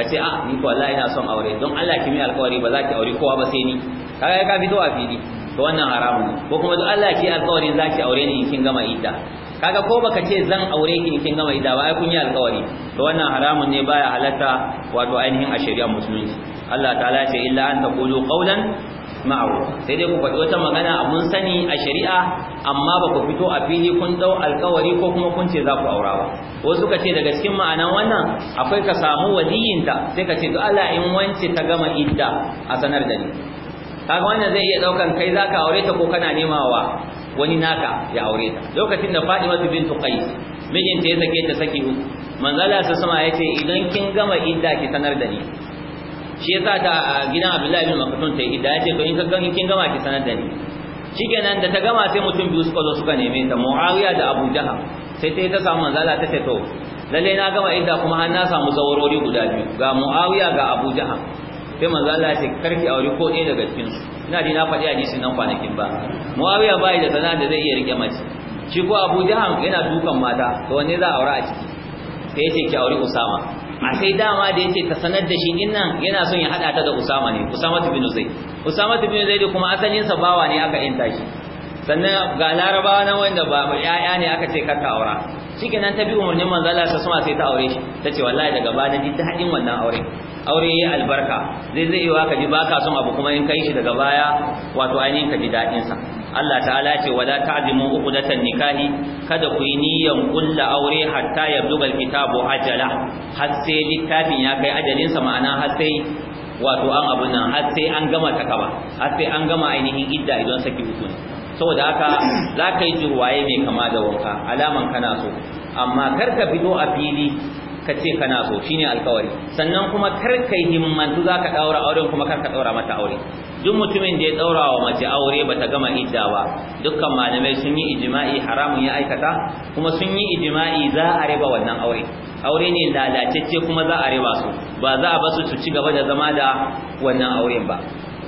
[SPEAKER 2] ce a ah, ni ko Allah ina son aure don Allah ki min alƙawari ba za ki aure kowa ba sai ni kaga ka fito a fili to wannan haramun ko kuma duk Allah ke alƙawarin zaki aure ni kin gama idda kaga ko baka ce zan aure ki kin gama idda ba ai kun yi alƙawari to wannan haramun ne baya halatta wato ainihin a shari'ar musulunci Allah ta'ala ce illa an taqulu qawlan ma'ruf sai dai ku faɗi wata magana mun sani a shari'a amma ba ku fito a fili kun dau alƙawari ko kuma kun ce za ku aura ba wasu suka ce daga cikin ma'anan wannan akwai ka samu wadiyinta sai ka ce to Allah in wance ta gama idda a sanar da ni kaga wannan zai iya daukan kai zaka aure ta ko kana nema wa wani naka ya aure ta lokacin da Fatima bintu Qais mijinta ya sake ta saki manzo manzala sai sama yace idan kin gama idda ki sanar da ni shi yasa ta gidan Abdullahi bin Maktum ta idda yace to in ka gani kin gama ki sanar da ni shikenan da ta gama sai mutum biyu suka zo suka neme ta Muawiya da Abu Jahal sai ta ta samu manzala ta ce to lalle na gama idda kuma har na samu zawarori guda biyu ga Muawiya ga Abu Jahal sai manzo Allah ya ce karki aure ko ɗaya daga cikin su ina ji na faɗi hadisi nan kwanakin ba Muawiya bai da sana'a da zai iya rike mace shi ko Abu Jahal yana dukan mata to wanne za a aure a ciki sai ce ki aure Usama a sai dama da yace ta sanar da shi nan yana son ya hada ta da Usama ne Usama bin Zaid Usama bin Zaid kuma asalin sa bawa ne aka yanta shi sannan ga larabawa nan wanda ba ƴaƴa ne aka ce karka aura nan ta bi umarnin manzo Allah sai ta aure shi ce wallahi daga ba da ta haɗin wannan aure aure yi albarka zai zai yiwa ka ji ka son abu kuma in kai shi daga baya wato ainihin ka ji daɗinsa sa Allah ta'ala ce wala uku uqdatan nikahi kada ku yi niyyan kulla aure hatta yabluga alkitabu ajala har sai littafin ya kai ajalin ma'ana har sai wato an abu nan har sai an gama kaba har sai an gama ainihin idda idan saki ne saboda haka za ka yi jirwaye mai kama da wanka alaman kana so amma kar ka fito a fili ka ce kana so shine alkawari sannan kuma kar himmatu himmantu zaka ɗaura auren kuma kar ka daura mata aure duk mutumin da ya ɗaura wa mace aure bata gama idda ba dukkan malamai sun yi ijma'i haramun ya aikata kuma sun yi ijma'i za a riba wannan aure aure ne lalatacce kuma za a riba su ba za a basu su ci gaba da zama da wannan auren ba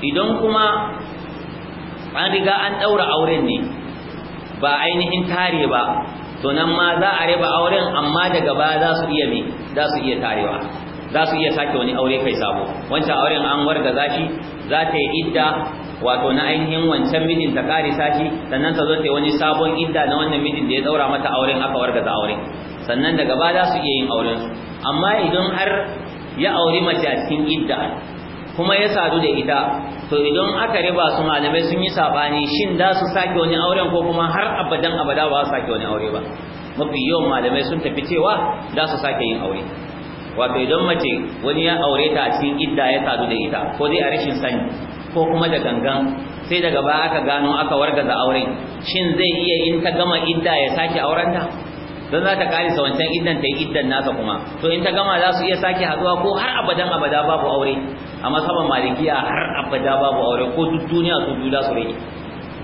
[SPEAKER 2] idan kuma an riga an ɗaura auren ne ba ainihin tare ba to nan ma za a raba auren amma daga baya za su iya me za su iya tarewa za su iya sake wani aure kai sabo wancan auren an warga zashi za ta yi idda wato na ainihin wancan mijin ta kare sashi sannan ta zo ta wani sabon idda na wannan mijin da ya daura mata auren aka warga za auren sannan daga baya za su iya yin auren amma idan har ya auri mace a cikin idda kuma ya sadu da ita to idan aka riba su malamai sun yi sabani shin da su sake wani auren ko kuma har abadan abada ba su sake wani aure ba mafi yawan malamai sun tafi cewa da su sake yin aure wato idan mace wani ya aure ta idda ya sadu da ita ko dai a rashin sani ko kuma da gangan sai daga baya aka gano aka wargaza auren shin zai iya in ta gama idda ya sake aurenta don za ta karisa wancan idan ta yi idan nasa kuma to in ta gama za su iya sake haduwa ko har abadan abada babu aure a masaban malikiya har abada babu aure ko duk duniya su su rage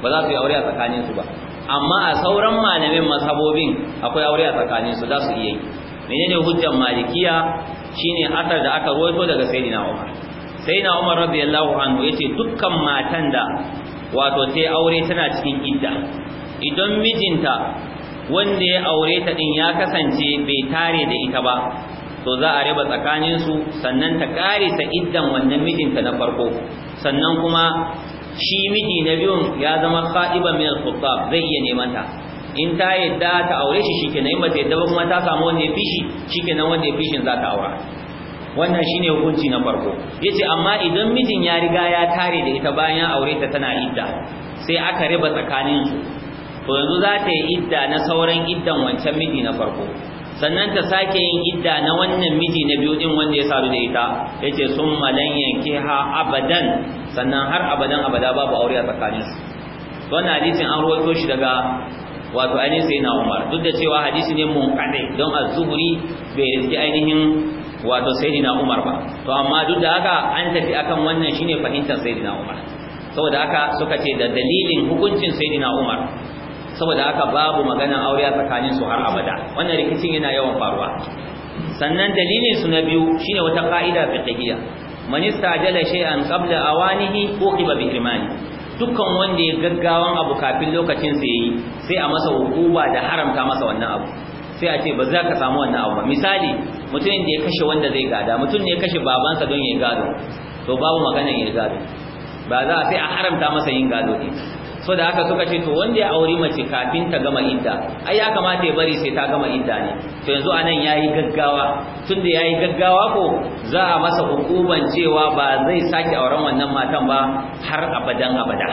[SPEAKER 2] ba za su yi aure a tsakanin su ba amma a sauran malamin masabobin akwai aure a tsakanin su za su iya yi menene hujjar malikiya shine asar da aka ruwaito daga sayyidina Umar sayyidina Umar radiyallahu anhu yace dukkan matan da wato sai aure tana cikin idda idan mijinta wanda ya aure ta din ya kasance bai tare da ita ba to za a raba tsakaninsu sannan ta kare ta iddan wannan mijinta na farko sannan kuma shi miji na biyun ya zama khaiba min al-khuttab zai iya neman ta in ta yadda ta aure shi shikenan in ba yadda ba kuma ta samu wanda ya fishi shikenan wanda ya fishin za ta aura wannan shine hukunci na farko yace amma idan mijin ya riga ya tare da ita bayan aure ta tana idda sai aka raba tsakaninsu to yanzu za ta yi idda na sauran iddan wancan miji na farko sannan ta sake yin idda na wannan miji na biyu din wanda ya sadu da ita yace sun malan ha abadan sannan har abadan abada babu aure a tsakanin su. wannan hadisin an ruwaito shi daga wato ainihin sai na umar duk da cewa hadisi ne munkade don az-zuhri bai riski ainihin wato sai na umar ba to amma duk da haka an tafi akan wannan shine fahimtar sai na umar saboda haka suka ce da dalilin hukuncin sayyidina umar saboda haka babu magana aure a tsakanin su har abada wannan rikicin yana yawan faruwa sannan dalilin su na biyu shine wata ka'ida fiqhiyya man istajala shay'an qabla awanihi uqiba bi irmani dukkan wanda ya gaggawan abu kafin lokacin sa yayi sai a masa hukuma da haramta masa wannan abu sai a ce ba za ka samu wannan abu ba misali mutumin da ya kashe wanda zai gada mutum ne ya kashe babansa don ya gado to babu magana ya gado ba za a sai a haramta masa yin gado ne so da haka suka ce to wanda ya auri mace kafin ta gama idda ai ya kamata ya bari sai ta gama idda ne to yanzu anan yayi gaggawa tunda yayi gaggawa ko za a masa hukuman cewa ba zai sake auren wannan matan ba har abadan abada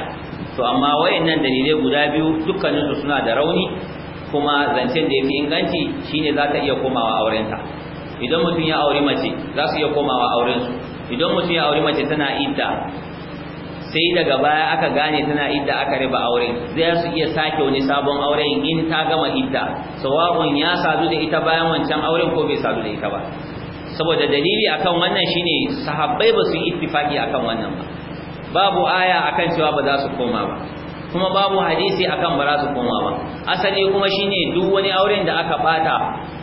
[SPEAKER 2] to amma wayannan dalilai guda biyu dukkaninsu suna da rauni kuma zancen da yafi inganci shine za ta iya komawa aurenta idan mutum ya auri mace za su iya komawa aurensu idan mutum ya auri mace tana idda sai daga baya aka gane tana idda aka riba aure zai su iya sake wani sabon aure in ta gama idda sawa'un ya sadu da ita bayan wancan auren ko bai sadu da ita ba saboda dalili akan wannan shine sahabbai ba su ittifaki akan wannan ba babu aya akan cewa ba za su koma ba kuma babu hadisi akan ba za su koma ba asali kuma shine duk wani auren da aka bata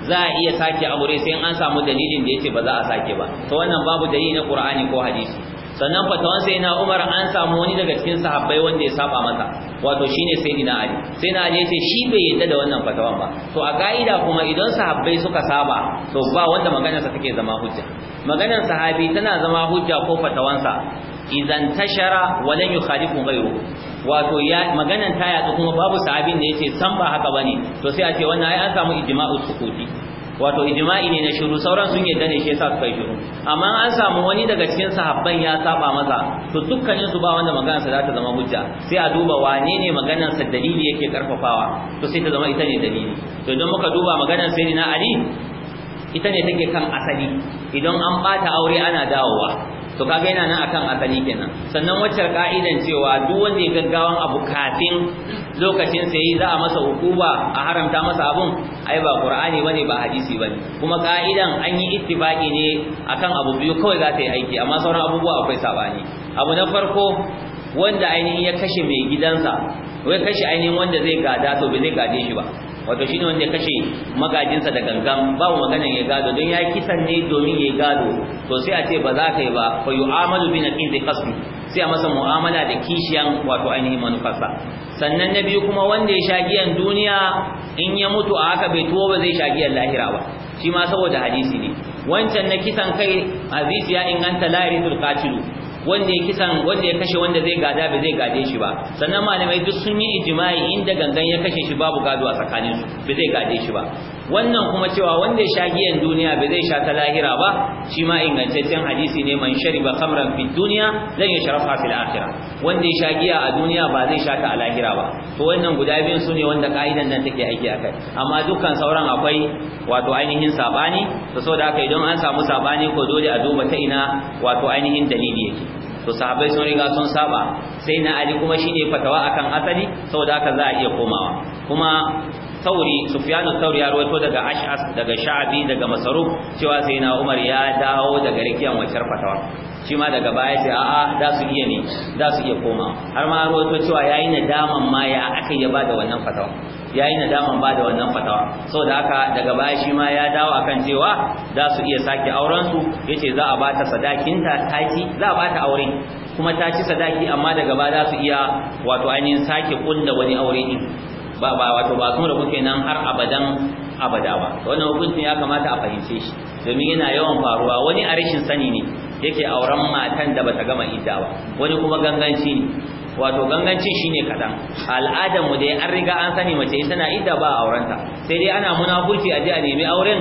[SPEAKER 2] za a iya sake aure sai an samu dalilin da yace ba za a sake ba to wannan babu dalili na Qur'ani ko hadisi sannan fatawan sai na Umar an samu wani daga cikin sahabbai wanda ya saba masa wato shine sayyidina Ali sayyidina Ali yace shi bai yadda da wannan fatawan ba to a ga'ida kuma idan sahabbai suka saba to ba wanda maganarsa take zama hujja maganar sahabi tana zama hujja ko fatawansa idan tashara walan yukhalifu ghayru wato ya maganan ta yatsu kuma babu sahabin da yace san ba haka bane to sai a ce wannan ai an samu ijma'u sukuti wato ijma'i ne na shiru sauran sun yadda ne shi yasa suka yi shiru amma an samu wani daga cikin sahabban ya saba masa to dukkanin su ba wanda magana sa zata zama hujja sai a duba wane ne maganar sa dalili yake karfafawa to sai ta zama ita ne dalili to idan muka duba maganar sai na ali ita ne take kan asali idan an bata aure ana dawowa to kaga yana nan akan asali kenan sannan waccar ka'idan cewa duk wanda ya gaggawan abu kafin lokacin sai za a masa hukuma a haramta masa abun ai ba qur'ani bane ba hadisi bane kuma ka'idan an yi ittifaqi ne akan abu biyu kawai za ta yi aiki amma sauran abubuwa akwai sabani abu na farko wanda ainihin ya kashe mai gidansa wai kashe ainihin wanda zai gada to ba gade shi ba wato shine wanda ya kashe magajinsa da gangan babu maganan ya gado don ya kisan ne domin ya gado to sai a ce ba za ka yi ba fa yu'amalu bi naqizi qasmi sai a masa mu'amala da kishiyan wato ainihin manufarsa sannan na biyu kuma wanda ya sha giyan duniya in ya mutu a haka bai tuwo ba zai shaki lahira ba shi ma saboda hadisi ne wancan na kisan kai hadisi ya inganta lahiratul qatilu wanda ya kisan wanda ya kashe wanda zai gada ba zai gade shi ba sannan malamai duk sun yi ijma'i inda gangan ya kashe shi babu gado a tsakanin su ba zai gade shi ba wannan kuma cewa wanda ya sha giyan duniya bai zai sha ta lahira ba shi ma ingantaccen hadisi ne man shariba khamran fi dunya lan yashrafa fil akhirah wanda ya sha giya a duniya ba zai sha ta a lahira ba to wannan guda biyun su ne wanda ka'idan nan take aiki akai amma dukkan sauran akwai wato ainihin sabani to saboda haka idan an samu sabani ko dole a duba ta ina wato ainihin dalili yake to sahabbai sun riga sun saba sai na ali kuma shine fatawa akan asali saboda haka za a iya komawa kuma tauri sufyanu tauri ya rawaito daga ash'as daga sha'abi daga masaruf cewa sai na umar ya dawo daga rikiyan wancar fatawa shi ma daga baya sai a'a da su iya ne da su iya koma har ma rawaito cewa yayi daman ma ya aka ya bada wannan fatawa yayi ba bada wannan fatawa saboda haka daga baya shi ma ya dawo akan cewa da su iya sake auren su yace za a bata sadakinta taki za a bata aure kuma ta ci sadaki amma daga baya za su iya wato ainihin sake kulla wani aure din ba ba wato ba sun kuke kenan har abadan abada ba wannan hukunci ya kamata a fahimce shi domin yana yawan faruwa wani a rashin sani ne yake auren matan da bata gama idda ba wani kuma ganganci ne wato ganganci shine kadan al'adar mu dai an riga an sani mace ita na idda ba aurenta sai dai ana munafurci a je a nemi auren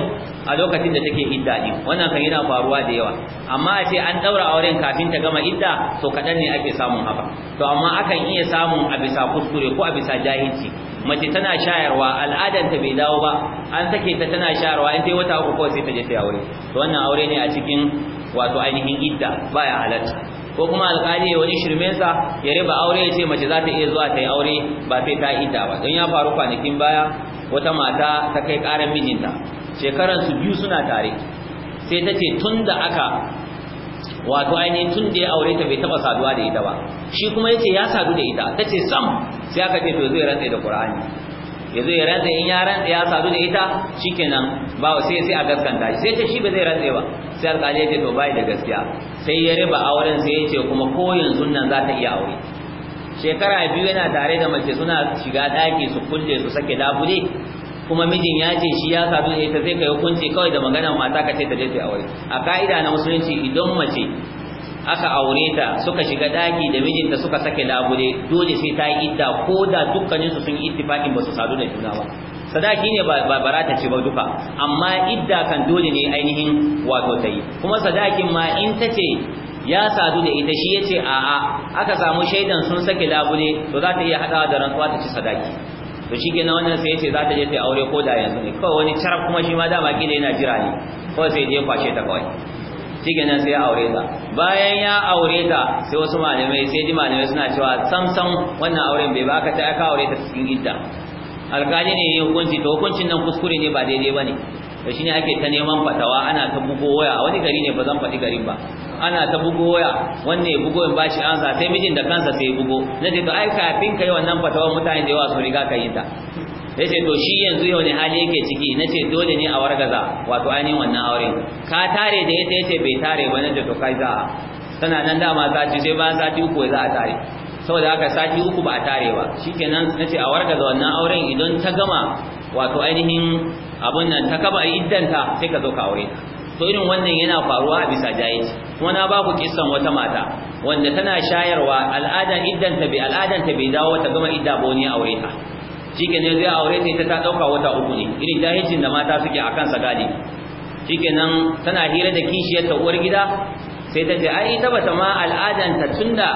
[SPEAKER 2] a lokacin da take idda din wannan kan yana faruwa da yawa amma a ce an daura auren kafin ta gama idda to kadan ne ake samun haka to amma akan iya samun a bisa kuskure ko a bisa jahilci mace tana shayarwa al'adanta bai dawo ba an sake ta tana shayarwa in tai wata uku kawai sai ta je ta aure to wannan aure ne a cikin wato ainihin idda baya halatta ko kuma alƙali ya wani shirmensa ya riba aure ya ce mace za ta iya zuwa ta yi aure ba sai ta idda ba don ya faru kwanakin baya wata mata ta kai ƙarar mijinta Shekaran su biyu suna tare sai ta ce tun da aka wato ainihin tun da ya aure ta bai taba saduwa da ita ba shi kuma yace ya sadu da ita tace sam sai aka ce to zai rantsa da Qur'ani yazo ya rantsa in ya rantsa ya sadu da ita shikenan ba sai sai a gaskanta shi sai ta shi ba zai rantsa ba sai alƙali ya ce to bai da gaskiya sai ya riba auren sai yace kuma ko yanzu nan za ta iya aure shekara biyu yana tare da mace suna shiga daki su kulle su sake labule kuma mijin ya ce shi ya sadu da ita zai kai hukunci kawai da maganar mata ka ce ta je ta aure a ka'ida na musulunci idan mace aka aure ta suka shiga daki da mijinta suka sake labule dole sai ta yi idda ko da dukkanin su sun yi ittifaqin ba su sadu da juna ba sadaki ne ba ta ce ba duka amma idda kan dole ne ainihin wato ta yi kuma sadakin ma in ta ce ya sadu da ita shi ya ce a'a aka samu shaidan sun sake labule to za ta iya haɗawa da rantsuwa ta ci sadaki to shi kenan wannan sai yace za ta je ta aure ko da yanzu ne kawai wani carab kuma shi ma dama kila yana jira ne kawai sai je kwashe ta kawai shi kenan sai ya aure ta bayan ya aure ta sai wasu malamai sai ji malamai suna cewa sam sam wannan auren bai ba aka ta aka aure ta cikin idda alkali ne hukunci to hukuncin nan kuskure ne ba daidai bane da ne ake ta neman fatawa ana ta bugo waya a wani gari ne ba zan faɗi garin ba ana ta bugo waya wanne ya bugo in bashi ansa sai mijin da kansa sai bugo na ce to ai kafin kai wannan fatawa mutane da yawa su riga ka yi ta ya ce to shi yanzu yau ne hali yake ciki na ce dole ne a wargaza wato ainihin wannan auren ka tare da ita ya ce bai tare ba na ce to kai za a tana nan dama sati sai bayan sati uku za a tare saboda haka sati uku ba a tare ba shikenan na ce a wargaza wannan auren idan ta gama wato ainihin abun nan ta kaba iddanta sai ka zo ka aure to irin wannan yana faruwa a bisa jayyaci kuma na ba ku kissan wata mata wanda tana shayarwa al'ada iddanta bi al'adan ta bai dawo ta gama idda ba wani aure ta shikenan zai aure ta ita ta dauka wata uku ne irin jahilcin da mata suke akan sa gadi nan tana hira da kishiyar ta uwar gida sai ta ce ai ita ta ma al'adanta tunda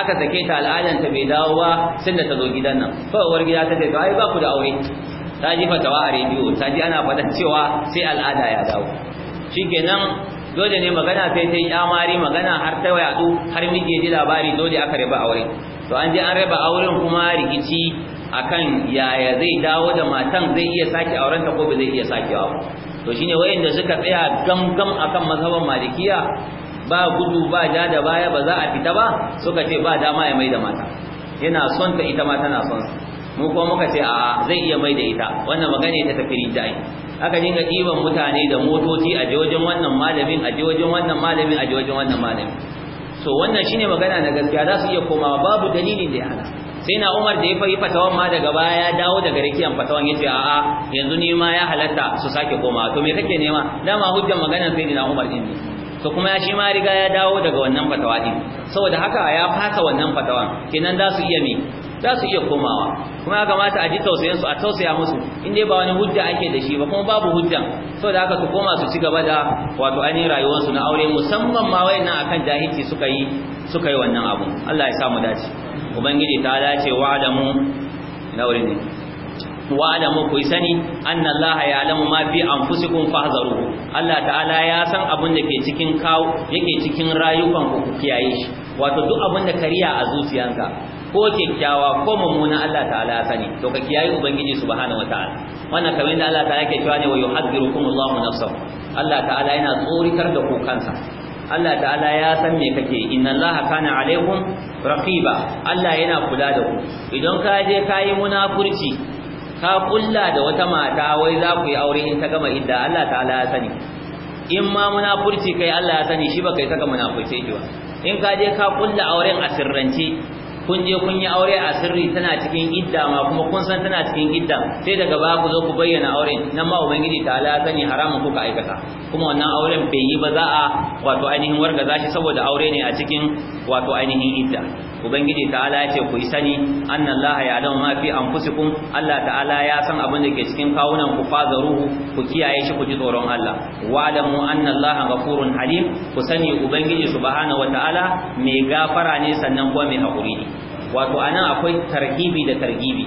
[SPEAKER 2] aka sake ta al'adanta bai dawo ba sun da ta zo gidan nan kawai uwar gida ta ce to ai ba ku da aure ta ji fatawa a rediyo ta ana faɗan cewa sai al'ada ya dawo shikenan dole ne magana sai ta yi magana har ta yadu har miji ji labari dole aka raba aure to an je an raba auren kuma rikici akan yaya zai dawo da matan zai iya sake aurenta ko ba zai iya sakewa ba to shine wayanda suka tsaya gangam akan mazhaban malikiya ba gudu ba ja da baya ba za a fita ba suka ce ba dama ya mai da mata yana son ta ita ma tana son sa mu kuma muka ce a zai iya mai da ita wannan magana ta tafi rijai aka dinga ɗiban mutane da motoci a jojin wannan malamin a jojin wannan malamin a jojin wannan malamin so wannan shine magana na gaskiya za su iya komawa babu dalilin da ya hana sai na Umar da ya fayi fatawan ma daga baya ya dawo daga rikiyan fatawan yace a'a yanzu ni ma ya halatta su sake koma to me kake nema dama hujjan maganar sai na Umar din ne to kuma ya shi ma riga ya dawo daga wannan fatawa din saboda haka ya fasa wannan fatawan kenan za su iya mi za su iya komawa kuma ya kamata a ji tausayin su a tausaya musu in dai ba wani hujja ake da shi ba kuma babu hujja da haka su koma su ci gaba da wato ani rayuwar su na aure musamman ma wayannan akan jahilci suka yi suka yi wannan abu Allah ya sa mu dace ubangiji ta dace wa'adamu laure ne wa'adamu ku sani anna Allah ya alamu ma fi anfusikum fahzaru Allah ta'ala ya san abin da ke cikin kawo yake cikin rayukan ku kiyaye shi wato duk abin da kariya a zuciyanka ko kyakkyawa ko mummuna Allah ta'ala sani to ka kiyaye ubangiji subhanahu wataala wannan kamar da Allah ta'ala yake cewa ne wa yuhaddirukumullahu nafsahu Allah ta'ala yana tsoritar da ku kansa Allah ta'ala ya san me kake inna Allah kana alaikum raqiba Allah yana kula da ku idan ka je kai munafurci ka kulla da wata mata wai za ku yi aure in ta gama idda Allah ta'ala ya sani in ma munafurci kai Allah ya sani shi ba kai saka munafurci ki ba in ka je ka kulla auren a sirrance kun je kun yi aure a sirri tana cikin idda ma kuma kun san tana cikin idda sai daga baya ku zo ku bayyana auren nan ma ubangiji ta ala sani haramun kuka aikata kuma wannan auren bai yi ba za a wato ainihin wargaza zashi saboda aure ne a cikin wato ainihin idda ubangiji ta'ala ya ce ku yi sani annallaha ya'lamu ma fi anfusikum Allah ta'ala ya san abin da ke cikin kawunan ku fazaruhu ku kiyaye shi ku ji tsoron Allah wa'lamu annallaha ghafurun halim ku sani ubangiji subhanahu wata'ala mai gafara ne sannan kuma mai hakuri ne wato anan akwai tarhibi da targibi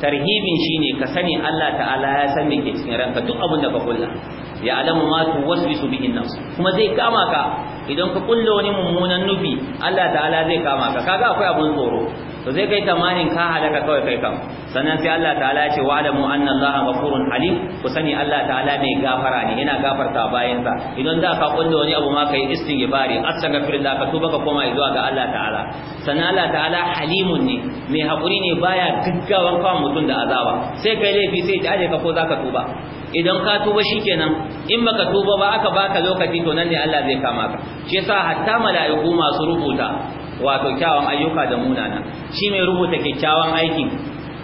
[SPEAKER 2] tarhibin shine ka sani Allah ta'ala ya san me ke cikin ranka duk abin da ka kulla ya alamu ma tuwaswisu bihi nafs kuma zai kama ka idan ka kulla wani mummunan nufi Allah ta'ala zai kama ka kaga akwai abun tsoro to zai kai tamanin ka halaka kawai kai kam sannan sai Allah ta'ala ya ce wa'lamu anna Allah ghafurun halim ku sani Allah ta'ala mai gafara ne yana gafarta bayansa idan za ka kulle wani abu ma kai istighfari astaghfirullah ka tuba ka koma zuwa ga Allah ta'ala sannan Allah ta'ala halimun ne mai hakuri ne baya gaggawan kawo mutum da azaba sai kai laifi sai ta aje ka ko zaka tuba idan ka tuba shikenan in baka tuba ba aka baka lokaci to nan ne Allah zai kama ka shi yasa hatta mala'iku masu rubuta wato kyawun ayyuka da munana shi mai rubuta kyakkyawan aikin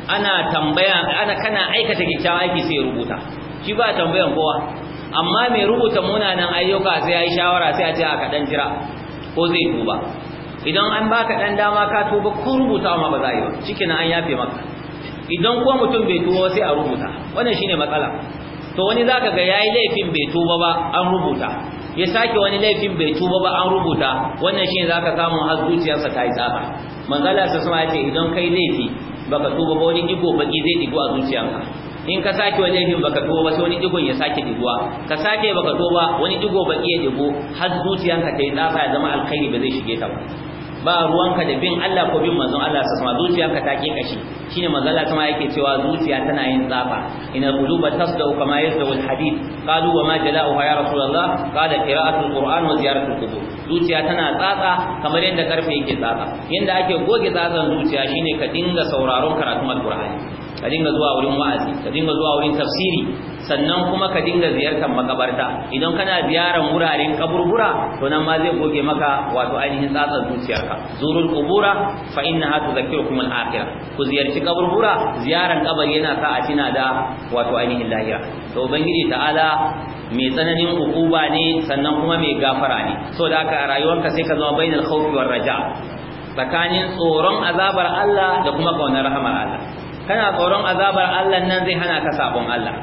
[SPEAKER 2] ana tambaya ana kana aikata kyakkyawan aiki sai rubuta shi ba tambayan kowa amma mai rubuta munanan ayyuka sai ya yi shawara sai a ce a kaɗan jira ko zai tuba idan an baka ɗan dama ka tuba ko rubuta ma ba za yi ba cikin an yafe maka idan kuma mutum bai tuba sai a rubuta wannan shine matsala to wani zaka ga yayi laifin bai tuba ba an rubuta ya sake wani laifin bai tuba ba an rubuta wannan shine zaka samu har zuciyarsa ta yi tsaka manzala sa sama yace idan kai laifi baka tuba ba wani digo baki zai digo a zuciyarka in ka sake wani laifin baka tuba ba sai wani digon ya sake diguwa ka sake baka tuba wani digo baki ya digo har zuciyarka ta yi tsaka ya zama alkhairi ba zai shige ta ba ba ruwanka da bin Allah ko bin manzon Allah sa sama zuciyarka ta ke kashi shine manzon Allah sama yake cewa zuciya tana yin tsafa ina quluba tasdau kama yasdau al hadid qalu wa ma jala ya rasulullah qala qira'atu al wa ziyaratu al zuciya tana tsatsa kamar yadda karfe yake tsatsa yanda ake goge tsatsan zuciya shine ka dinga sauraron karatun al ka dinga zuwa wurin wa'azi ka dinga zuwa wurin tafsiri sannan kuma ka dinga ziyartar makabarta idan kana ziyaran wuraren kaburbura to nan ma zai goge maka wato ainihin tsatsar zuciyarka zurul qubura fa innaha tudhakkirukum al-akhirah ku ziyarci kaburbura ziyaran kabari yana sa a tina da wato ainihin lahira to ubangiji ta'ala mai tsananin ukuba ne sannan kuma mai gafara ne saboda haka a rayuwarka sai ka zama bainal khawfi war raja tsakanin tsoron azabar Allah da kuma kaunar rahamar Allah kana tsoron azabar Allah nan zai hana ka sabon Allah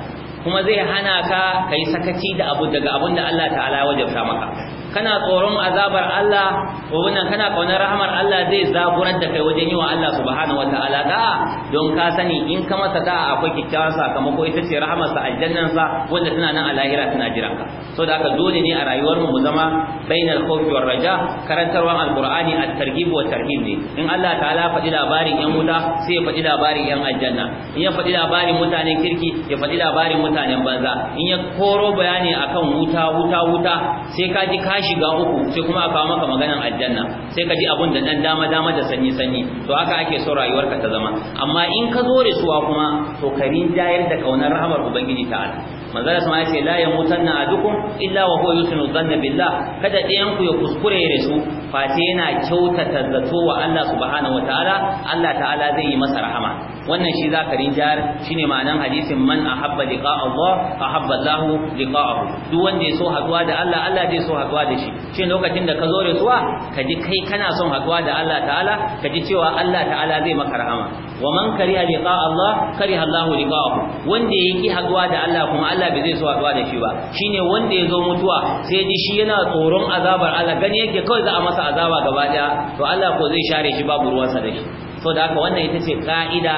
[SPEAKER 2] kuma zai hana ka kai sakaci da abu daga abinda da Allah ta'ala ya wajabta maka kana tsoron azabar Allah ko wannan kana kaunar rahmar Allah zai zaburar da kai wajen yi wa Allah subhanahu wataala da don ka sani in ka masa da akwai kikkiawar sakamako ita ce rahmar sa aljannan sa wanda tana nan a lahira tana jiran ka so da aka dole ne a rayuwar mu zama bainal khawfi war raja karantarwan alqur'ani at-targhib wa tarhib ne in Allah ta'ala faɗi labarin yan wuta sai ya faɗi labarin yan aljanna in ya faɗi labarin mutanen kirki ya faɗi labarin mutanen banza in ya koro bayani akan wuta wuta wuta sai ka ji ka shiga uku sai kuma a kawo maka maganan aljanna sai ka ji abun da dan dama dama da sanyi sanyi to haka ake so rayuwarka ta zama amma in ka zo da suwa kuma to ka rinjayar da kaunar rahamar ubangiji ta'ala manzala sama ya ce la yamutanna adukum illa wa huwa yusinu dhanna billah kada ɗayan ku ya kuskure ya rasu face yana kyautata zato wa Allah subhanahu wataala Allah ta'ala zai yi masa rahama wannan shi za ka rinjar shine ma'anan hadisin man ahabba liqa Allah ahabba Allah liqa'ahu duk wanda ya so haduwa da Allah Allah zai so haduwa da shi shin lokacin da ka zo rasuwa ka ji kai kana son haduwa da Allah ta'ala ka ji cewa Allah ta'ala zai maka rahama wa man kariha liqa Allah kariha Allah liqa'ahu wanda yake haduwa da Allah kuma Allah bai zai so haduwa da shi ba shine wanda ya zo mutuwa sai ji shi yana tsoron azabar Allah gani yake kawai za a masa azaba gaba daya to Allah ko zai share shi babu ruwansa da shi so da haka wannan ita ce ka'ida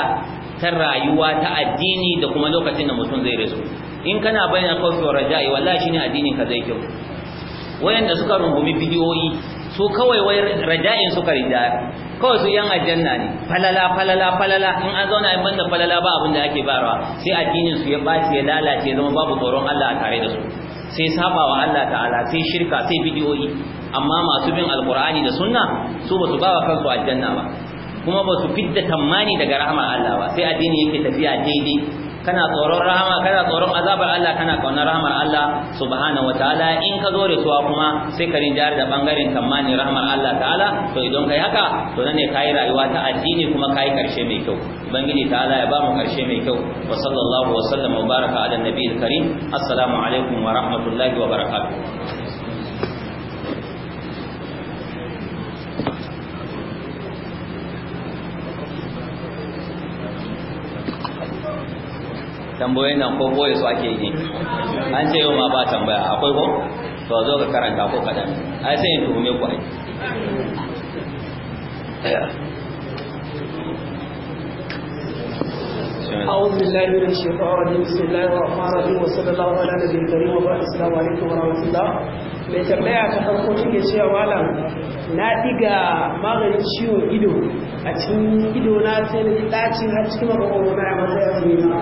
[SPEAKER 2] ta rayuwa ta addini da kuma lokacin da mutum zai rasu in kana bayan kawfi wa raja'i wallahi shine addinin ka zai kyau wayanda suka rungumi bidiyoyi su kawai wai raja'in suka rida kawai su yan aljanna ne falala falala falala in an zauna in banda falala ba abin da ake barawa sai addinin su ya baci ya lalace zama babu tsoron Allah tare da su sai sabawa Allah ta'ala sai shirka sai bidiyoyi amma masu bin alqur'ani da sunna su ba su ba kansu aljanna ba kuma ba su fidda tammani daga rahmar Allah ba sai addini yake tafiya daidai kana tsoron rahama kana tsoron azabar Allah kana kaunar rahmar Allah subhanahu wataala in ka zo da suwa kuma sai ka rinjar da bangaren tammani rahmar Allah ta'ala to idan kai haka to nan ne kai rayuwa ta addini kuma kai karshe mai kyau ubangiji ta'ala ya ba mu karshe mai kyau wa sallallahu wa sallama wa baraka ala nabiyil karim assalamu alaikum wa rahmatullahi wa barakatuh tambaye nan ko boye su ake yi an ce yau ma ba tambaya akwai ko to zo ka karanta ko kadan ai sai in tuhume ku ai
[SPEAKER 3] أعوذ بالله من الشيطان الرجيم بسم الله الرحمن الرحيم وصلى الله على نبينا الكريم وبعد السلام عليكم ورحمة الله mai tambaya ta farko take cewa malam na diga maganin ciwon ido a cikin ido na sai na dace har cikin makwakwalwa na ya matsayin na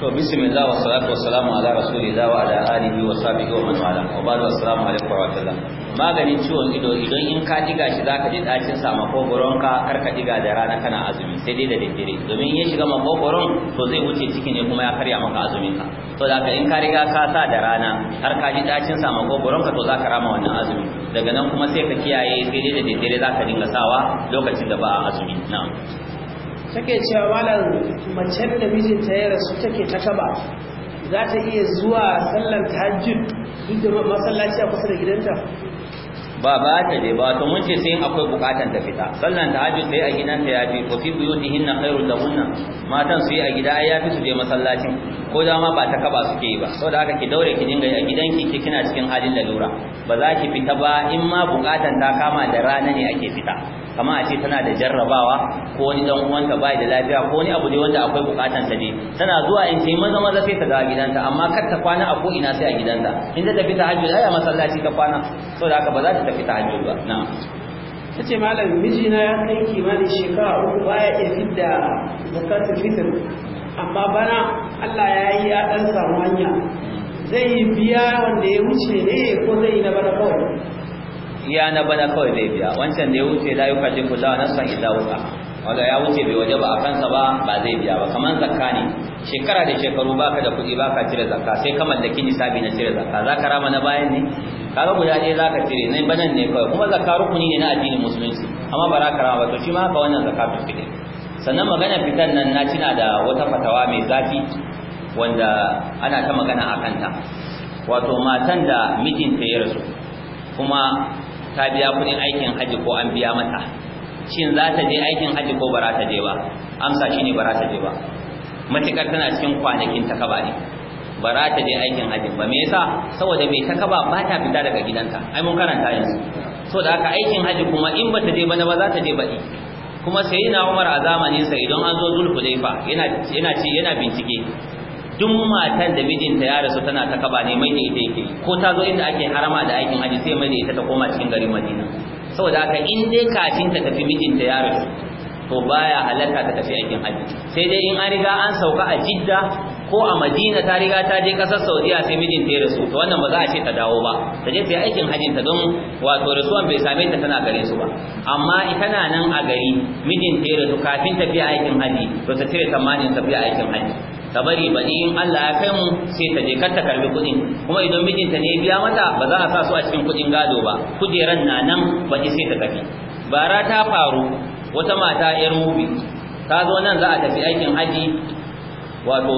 [SPEAKER 2] to bismillah wa salatu wa salamu ala rasulillah wa ala alihi wa sahbihi wa man wala wa ba'du assalamu alaikum wa rahmatullah maganin ciwon ido idan in ka diga shi zaka ji dacin sa makogoron ka kar ka diga da rana kana azumi sai dai da daddare domin ya shiga makogoron to zai wuce cikin ne kuma ya karya maka azumin ka to da in ka riga ka sa da rana har ka ji dacin sa makogoron ka to zaka rama wannan azumi daga nan kuma sai ka kiyaye sai dai da daddare zaka dinga sawa lokacin da ba a azumi na'am
[SPEAKER 3] take cewa malam macen da mijinta ya rasu take ta kaba za ta iya zuwa sallar tahajjud duk da masallaci a kusa da
[SPEAKER 2] gidanta ba ba ta je ba to mun ce sai akwai bukatan ta fita sallan tahajjud sai a gidanta ya fi ko fi buyutihin na khairul lahunna matan su yi a gida ya fi su je masallacin ko dama ba ta kaba suke yi ba saboda haka ki daure ki dinga a gidanki ki kina cikin halin lalura ba za ki fita ba in ma bukatan ta kama da rana ne ake fita Kama a ce tana da jarrabawa ko wani dan uwanta bai da lafiya ko wani abu ne wanda akwai bukatan ta ne tana zuwa in sai maza maza sai ta dawo gidanta amma kar ta kwana a ko ina sai a gidanta in ta tafi hajji ai a masallaci ta kwana saboda haka ba za ta tafi hajji ba na'am
[SPEAKER 3] ta ce miji mijina ya kai kimanin shekara uku baya iya fidda zakatun fitr amma bana Allah ya yi ya dan samu hanya zai biya wanda ya wuce ne ko zai yi na bana
[SPEAKER 2] kawai iya na bana kawai zai biya wancan da ya wuce la kula na san illa wuka wanda ya wuce bai waje ba a kansa ba ba zai biya ba kamar zakka ne shekara da shekaru baka da kuɗi baka cire zakka sai ka mallaki nisabi na cire zakka za ka rama na bayan ne ga guda ɗaya ka cire nan banan ne kawai kuma zakka rukuni ne na addinin musulunci amma ba za ka rama ba to shi ma ka wannan ta fitr sannan magana fitan nan na cina da wata fatawa mai zafi wanda ana ta magana a kanta wato matan da mijinta ya rasu kuma ta biya kudin aikin haji ko an biya mata shin za ta je aikin haji ko ba ta je ba amsa shine ba ta je ba matukar tana cikin kwanakin ta kaba ne ba ta je aikin haji ba me yasa saboda mai takaba kaba ba ta fita daga gidanta ai mun karanta yanzu saboda haka aikin haji kuma in ba ta je na ba za ta je ba baɗi kuma sayyidina Umar a zamanin sa idan an zo zulfu dai yana yana yana bincike duk matan da mijinta ya rasu tana ta kaba ne mai da ita yake ko ta zo inda ake harama da aikin haji sai mai da ita ta koma cikin garin Madina saboda haka in dai kafin ta tafi mijinta ya rasu to baya halatta ta tafi aikin haji sai dai in an riga an sauka a Jidda ko a Madina ta riga ta je kasar Saudiya sai mijinta ya rasu to wannan ba za a ce ta dawo ba ta je ta yi aikin hajin ta don wato rasuwan bai same ta tana garinsu su ba amma ita na nan a gari mijinta ya rasu kafin tafiya aikin haji to ta cire tsammanin tafiya aikin haji Ka bari ni in Allah ya kai mu sai ta je kar ta karbi kuɗin kuma idan mijinta ne ya biya mata ba za a sa su a cikin kuɗin gado ba kujeran na nan waje sai ta tafi bara ta faru wata mata yar mubi ta zo nan za a tafi aikin haji wato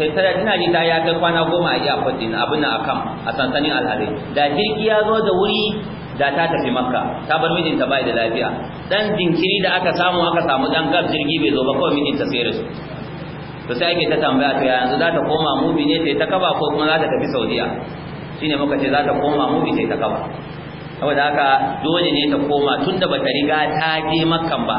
[SPEAKER 2] sai ta tana ta ya kai kwana goma a iya kwadin abin a akan a sansanin alhari da jirgi ya zo da wuri da ta tafi makka ta bar mijinta bai da lafiya dan jinkiri da aka samu aka samu dan gab jirgi bai zo ba kawai mijinta sai rasu to sai ake ta tambaya to yanzu za ta koma mubi ne sai ta kaba ko kuma za ta tafi saudiya ne muka ce za ta koma mubi sai ta kaba saboda haka dole ne ta koma tunda da bata riga ta je makkan ba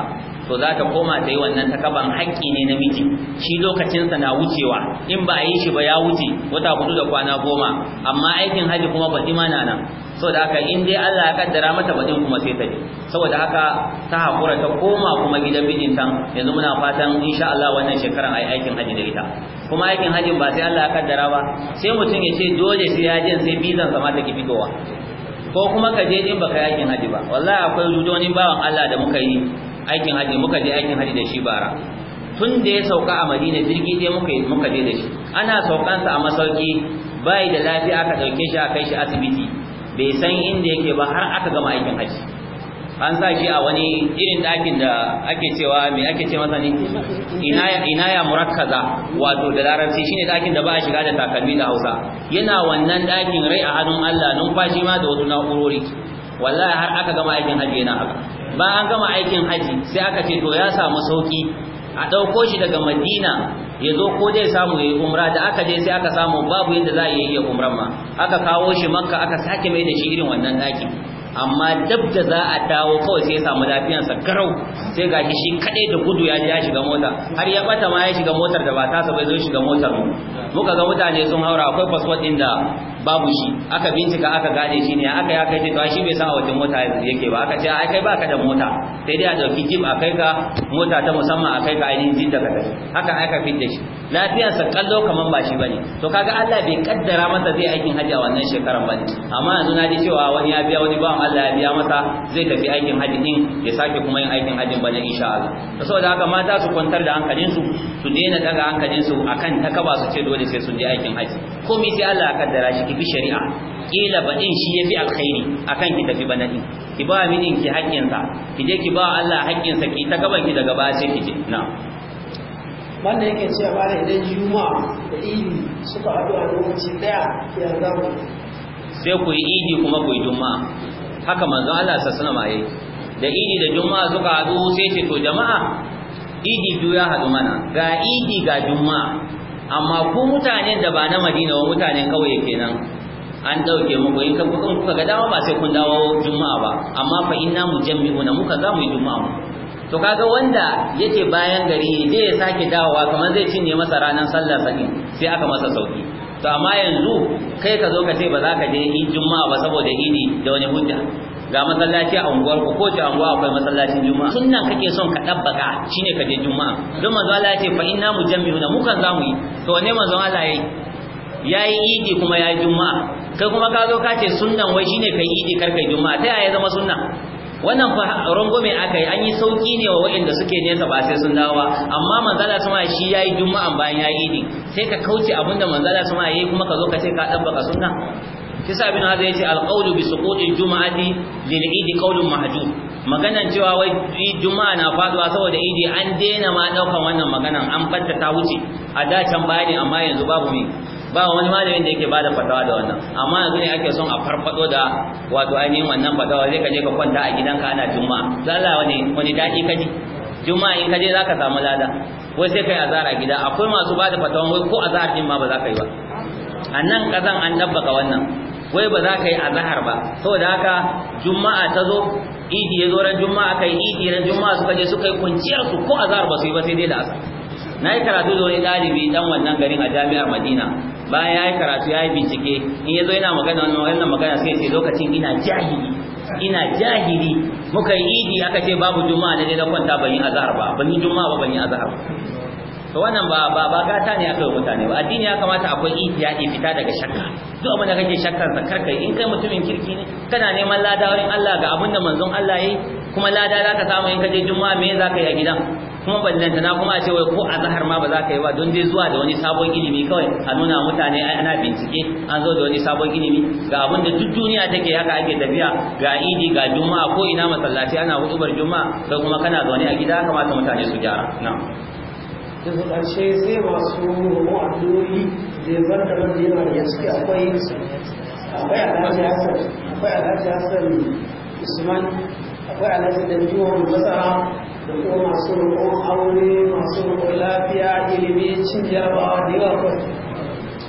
[SPEAKER 2] to za ta koma ta yi wannan ta kaban haƙƙi ne na miji shi lokacinsa na wucewa in ba a yi shi ba ya wuce wata hudu da kwana goma amma aikin haji kuma ba ma na nan saboda haka in dai Allah ya kaddara mata bajin kuma sai ta je saboda haka ta hakura ta koma kuma gidan mijinta yanzu muna fatan insha Allah wannan shekaran ai aikin haji da ita kuma aikin hajin ba sai Allah ya kaddara ba sai mutum ya ce dole sai ya je sai bizan sa ma ki fitowa ko kuma ka je din baka aikin haji ba wallahi akwai wani bawan Allah da muka yi aikin haji muka je aikin haji da shi bara tun da ya sauka a madina jirgi dai muka muka je da shi ana saukansa a masauki bai da lafiya aka dauke shi a kai shi asibiti bai san inda yake ba har aka gama aikin haji an sa shi a wani irin ɗakin da ake cewa mai ake ce masa ne ina ya murakkaza wato da larabci shine ɗakin da ba a shiga da takalmi da hausa yana wannan ɗakin rai a hannun allah numfashi ma da wasu na'urori wallahi har aka gama aikin haji yana haka ba an gama aikin haji sai aka ce to ya samu sauki a dauko shi daga madina ya zo ko dai samu ya yi umra da aka je sai aka samu babu yadda za a yi umra ma aka kawo shi makka aka sake mai da shi irin wannan ɗakin amma dab da za a dawo kawai sai ya samu lafiyar sa garau sai ga shi kaɗai da gudu ya ya shiga mota har ya bata ma ya shiga motar da ba tasa bai zo shiga motar mu muka ga mutane sun haura akwai fasfot ɗin da babu shi aka bincika aka gane shi ne aka ya kai ce to shi bai san a mota yake ba aka ce ai kai baka da mota sai dai a dauki jeep a kai ka mota ta musamman a kai ka ainihin jidda ka tafi haka aka fitta shi lafiyar sa kallo kaman ba shi bane to kaga Allah bai kaddara masa zai aikin haji a wannan shekaran bane amma yanzu na ji cewa wani ya biya wani bawan Allah ya biya masa zai tafi aikin haji din ya sake kuma yin aikin hajin bane insha Allah saboda haka mata su kwantar da hankalin su su daina daga hankalin su akan takaba su ce dole sai sun je aikin haji komai sai Allah ya kaddara shi ki bi shari'a kila baɗin shi yafi alkhairi akan ki tafi bana ki ba minin ki haƙƙinsa ki je ki ba Allah haƙƙinsa ki ta gaban ki daga baya sai ki je na
[SPEAKER 3] wanda yake cewa bana idan juma'a da idi suka haɗu a lokaci daya ya zama
[SPEAKER 2] sai ku yi idi kuma ku yi juma'a haka manzon Allah sallallahu alaihi da idi da juma'a suka haɗu sai ce to jama'a idi biyu ya haɗu mana ga idi ga juma'a amma ku mutanen da ba na madina ba mutanen kauye kenan an dauke muku in kuka ga dama ba sai kun dawo juma'a ba amma fa inna na muka za mu yi juma'a mu to kaga wanda yake bayan gari zai ya sake dawowa kamar zai cinye masa ranar sallah sani sai aka masa sauki to amma yanzu kai ka zo ka ce ba za ka je juma'a ba saboda idi da wani hujja ga masallaci a unguwar ku ko ta unguwa akwai masallacin juma'a sunnan kake son ka dabbaka shine ka je juma'a don manzo Allah ya ce fa inna mujammi'una mukan zamu yi to manzo Allah yayi yayi idi kuma yayi juma'a kai kuma ka zo ka ce sunnan wai shine kai idi kar kai juma'a ta yaya zama sunna wannan fa rungume aka yi an yi sauki ne wa waɗanda suke nesa ba sai sun dawo amma manzala sama shi yayi juma'an bayan yayi idi sai ka kauce abinda manzala sama yayi kuma ka zo ka ce ka dabbaka sunna kisa abin hada yace alqawlu bi suqutil juma'ati lil eid qawlun mahjub maganan cewa wai juma'a na faduwa saboda idi an daina ma daukan wannan maganan an fatta ta wuce a da can bayani amma yanzu babu mai, ba wani malamin da yake bada fatawa da wannan amma yanzu ne ake son a farfado da wato ainihin wannan fatawa zai ka je ka kwanta a gidanka ana juma'a zalla wani wani dadi kaji juma'a in kaje zaka samu lada wai sai kai a gida akwai masu bada fatawa wai ko azar din ma ba za ka yi ba a nan kazan an dabbaka wannan wai ba za ka yi azahar ba saboda haka juma'a ta zo idi ya zo ran juma'a kai idi ran juma'a suka je suka yi kunciyar su ko azahar ba su yi ba sai dai da asar nayi karatu da wani ɗalibi dan wannan garin a jami'ar madina bayan ya karatu yayi bincike in ya yana magana wannan wannan magana sai sai lokacin ina jahili ina jahili muka yi idi aka ce babu juma'a da ne na kwanta ban yi azahar ba ban yi juma'a ba ban yi azahar ba to wannan ba ba ba gata ne akai mutane ba addini ya kamata akwai ihtiyadi fita daga shakka duk abin da kake shakkar sa karkai in kai mutumin kirki ne kana neman ladawarin Allah ga abin da manzon Allah yayi kuma lada za ka samu in ka je juma'a me za ka yi a gidan kuma na kuma a ce wai ko azhar ma ba za ka yi ba don dai zuwa da wani sabon ilimi kawai a nuna mutane ana bincike an zo da wani sabon ilimi ga abin da duk duniya take haka ake tafiya ga idi ga juma'a ko ina masallaci ana hudubar juma'a kai kuma kana zaune a gida kamata mutane su gyara na'am
[SPEAKER 3] daga ƙarshe sai masu mu'addoyi da ya bar da wanda yawa da suke akwai akwai alhaji akwai alhaji hassan da masu aure masu lafiya ilimi cin da yawa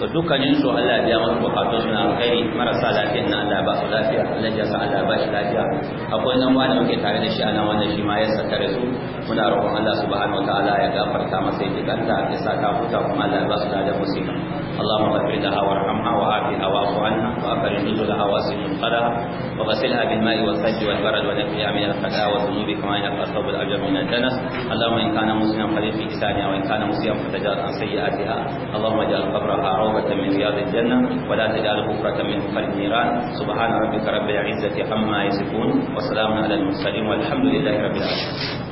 [SPEAKER 2] to dukkanin su Allah ya biya masu bukatun su na alkhairi marasa lafiya na Allah ba su lafiya Allah ya sa Allah ba shi lafiya akwai nan wani muke tare da shi a nan wanda shi ma ya saka da su muna roƙon Allah subhanahu wataala ya gafarta masa ya kanta ya sa ta huta kuma Allah ya ba su da musiba اللهم اغفر لها وارحمها وعافها واعف عنها واكرم نزلها واسع منقلها وغسلها بالماء والثلج والبرد ونقيها من الخلاء والذنوب كما ينقى الثوب الابيض من الدنس اللهم ان كان مسلما خليل في لسانها وان كان مسلما فتجاوز عن سيئاتها اللهم اجعل قبرها روضه من رياض الجنه ولا تجعل كفرة من كفر النيران سبحان ربك رب العزه عما يصفون وسلام على المرسلين والحمد لله رب
[SPEAKER 1] العالمين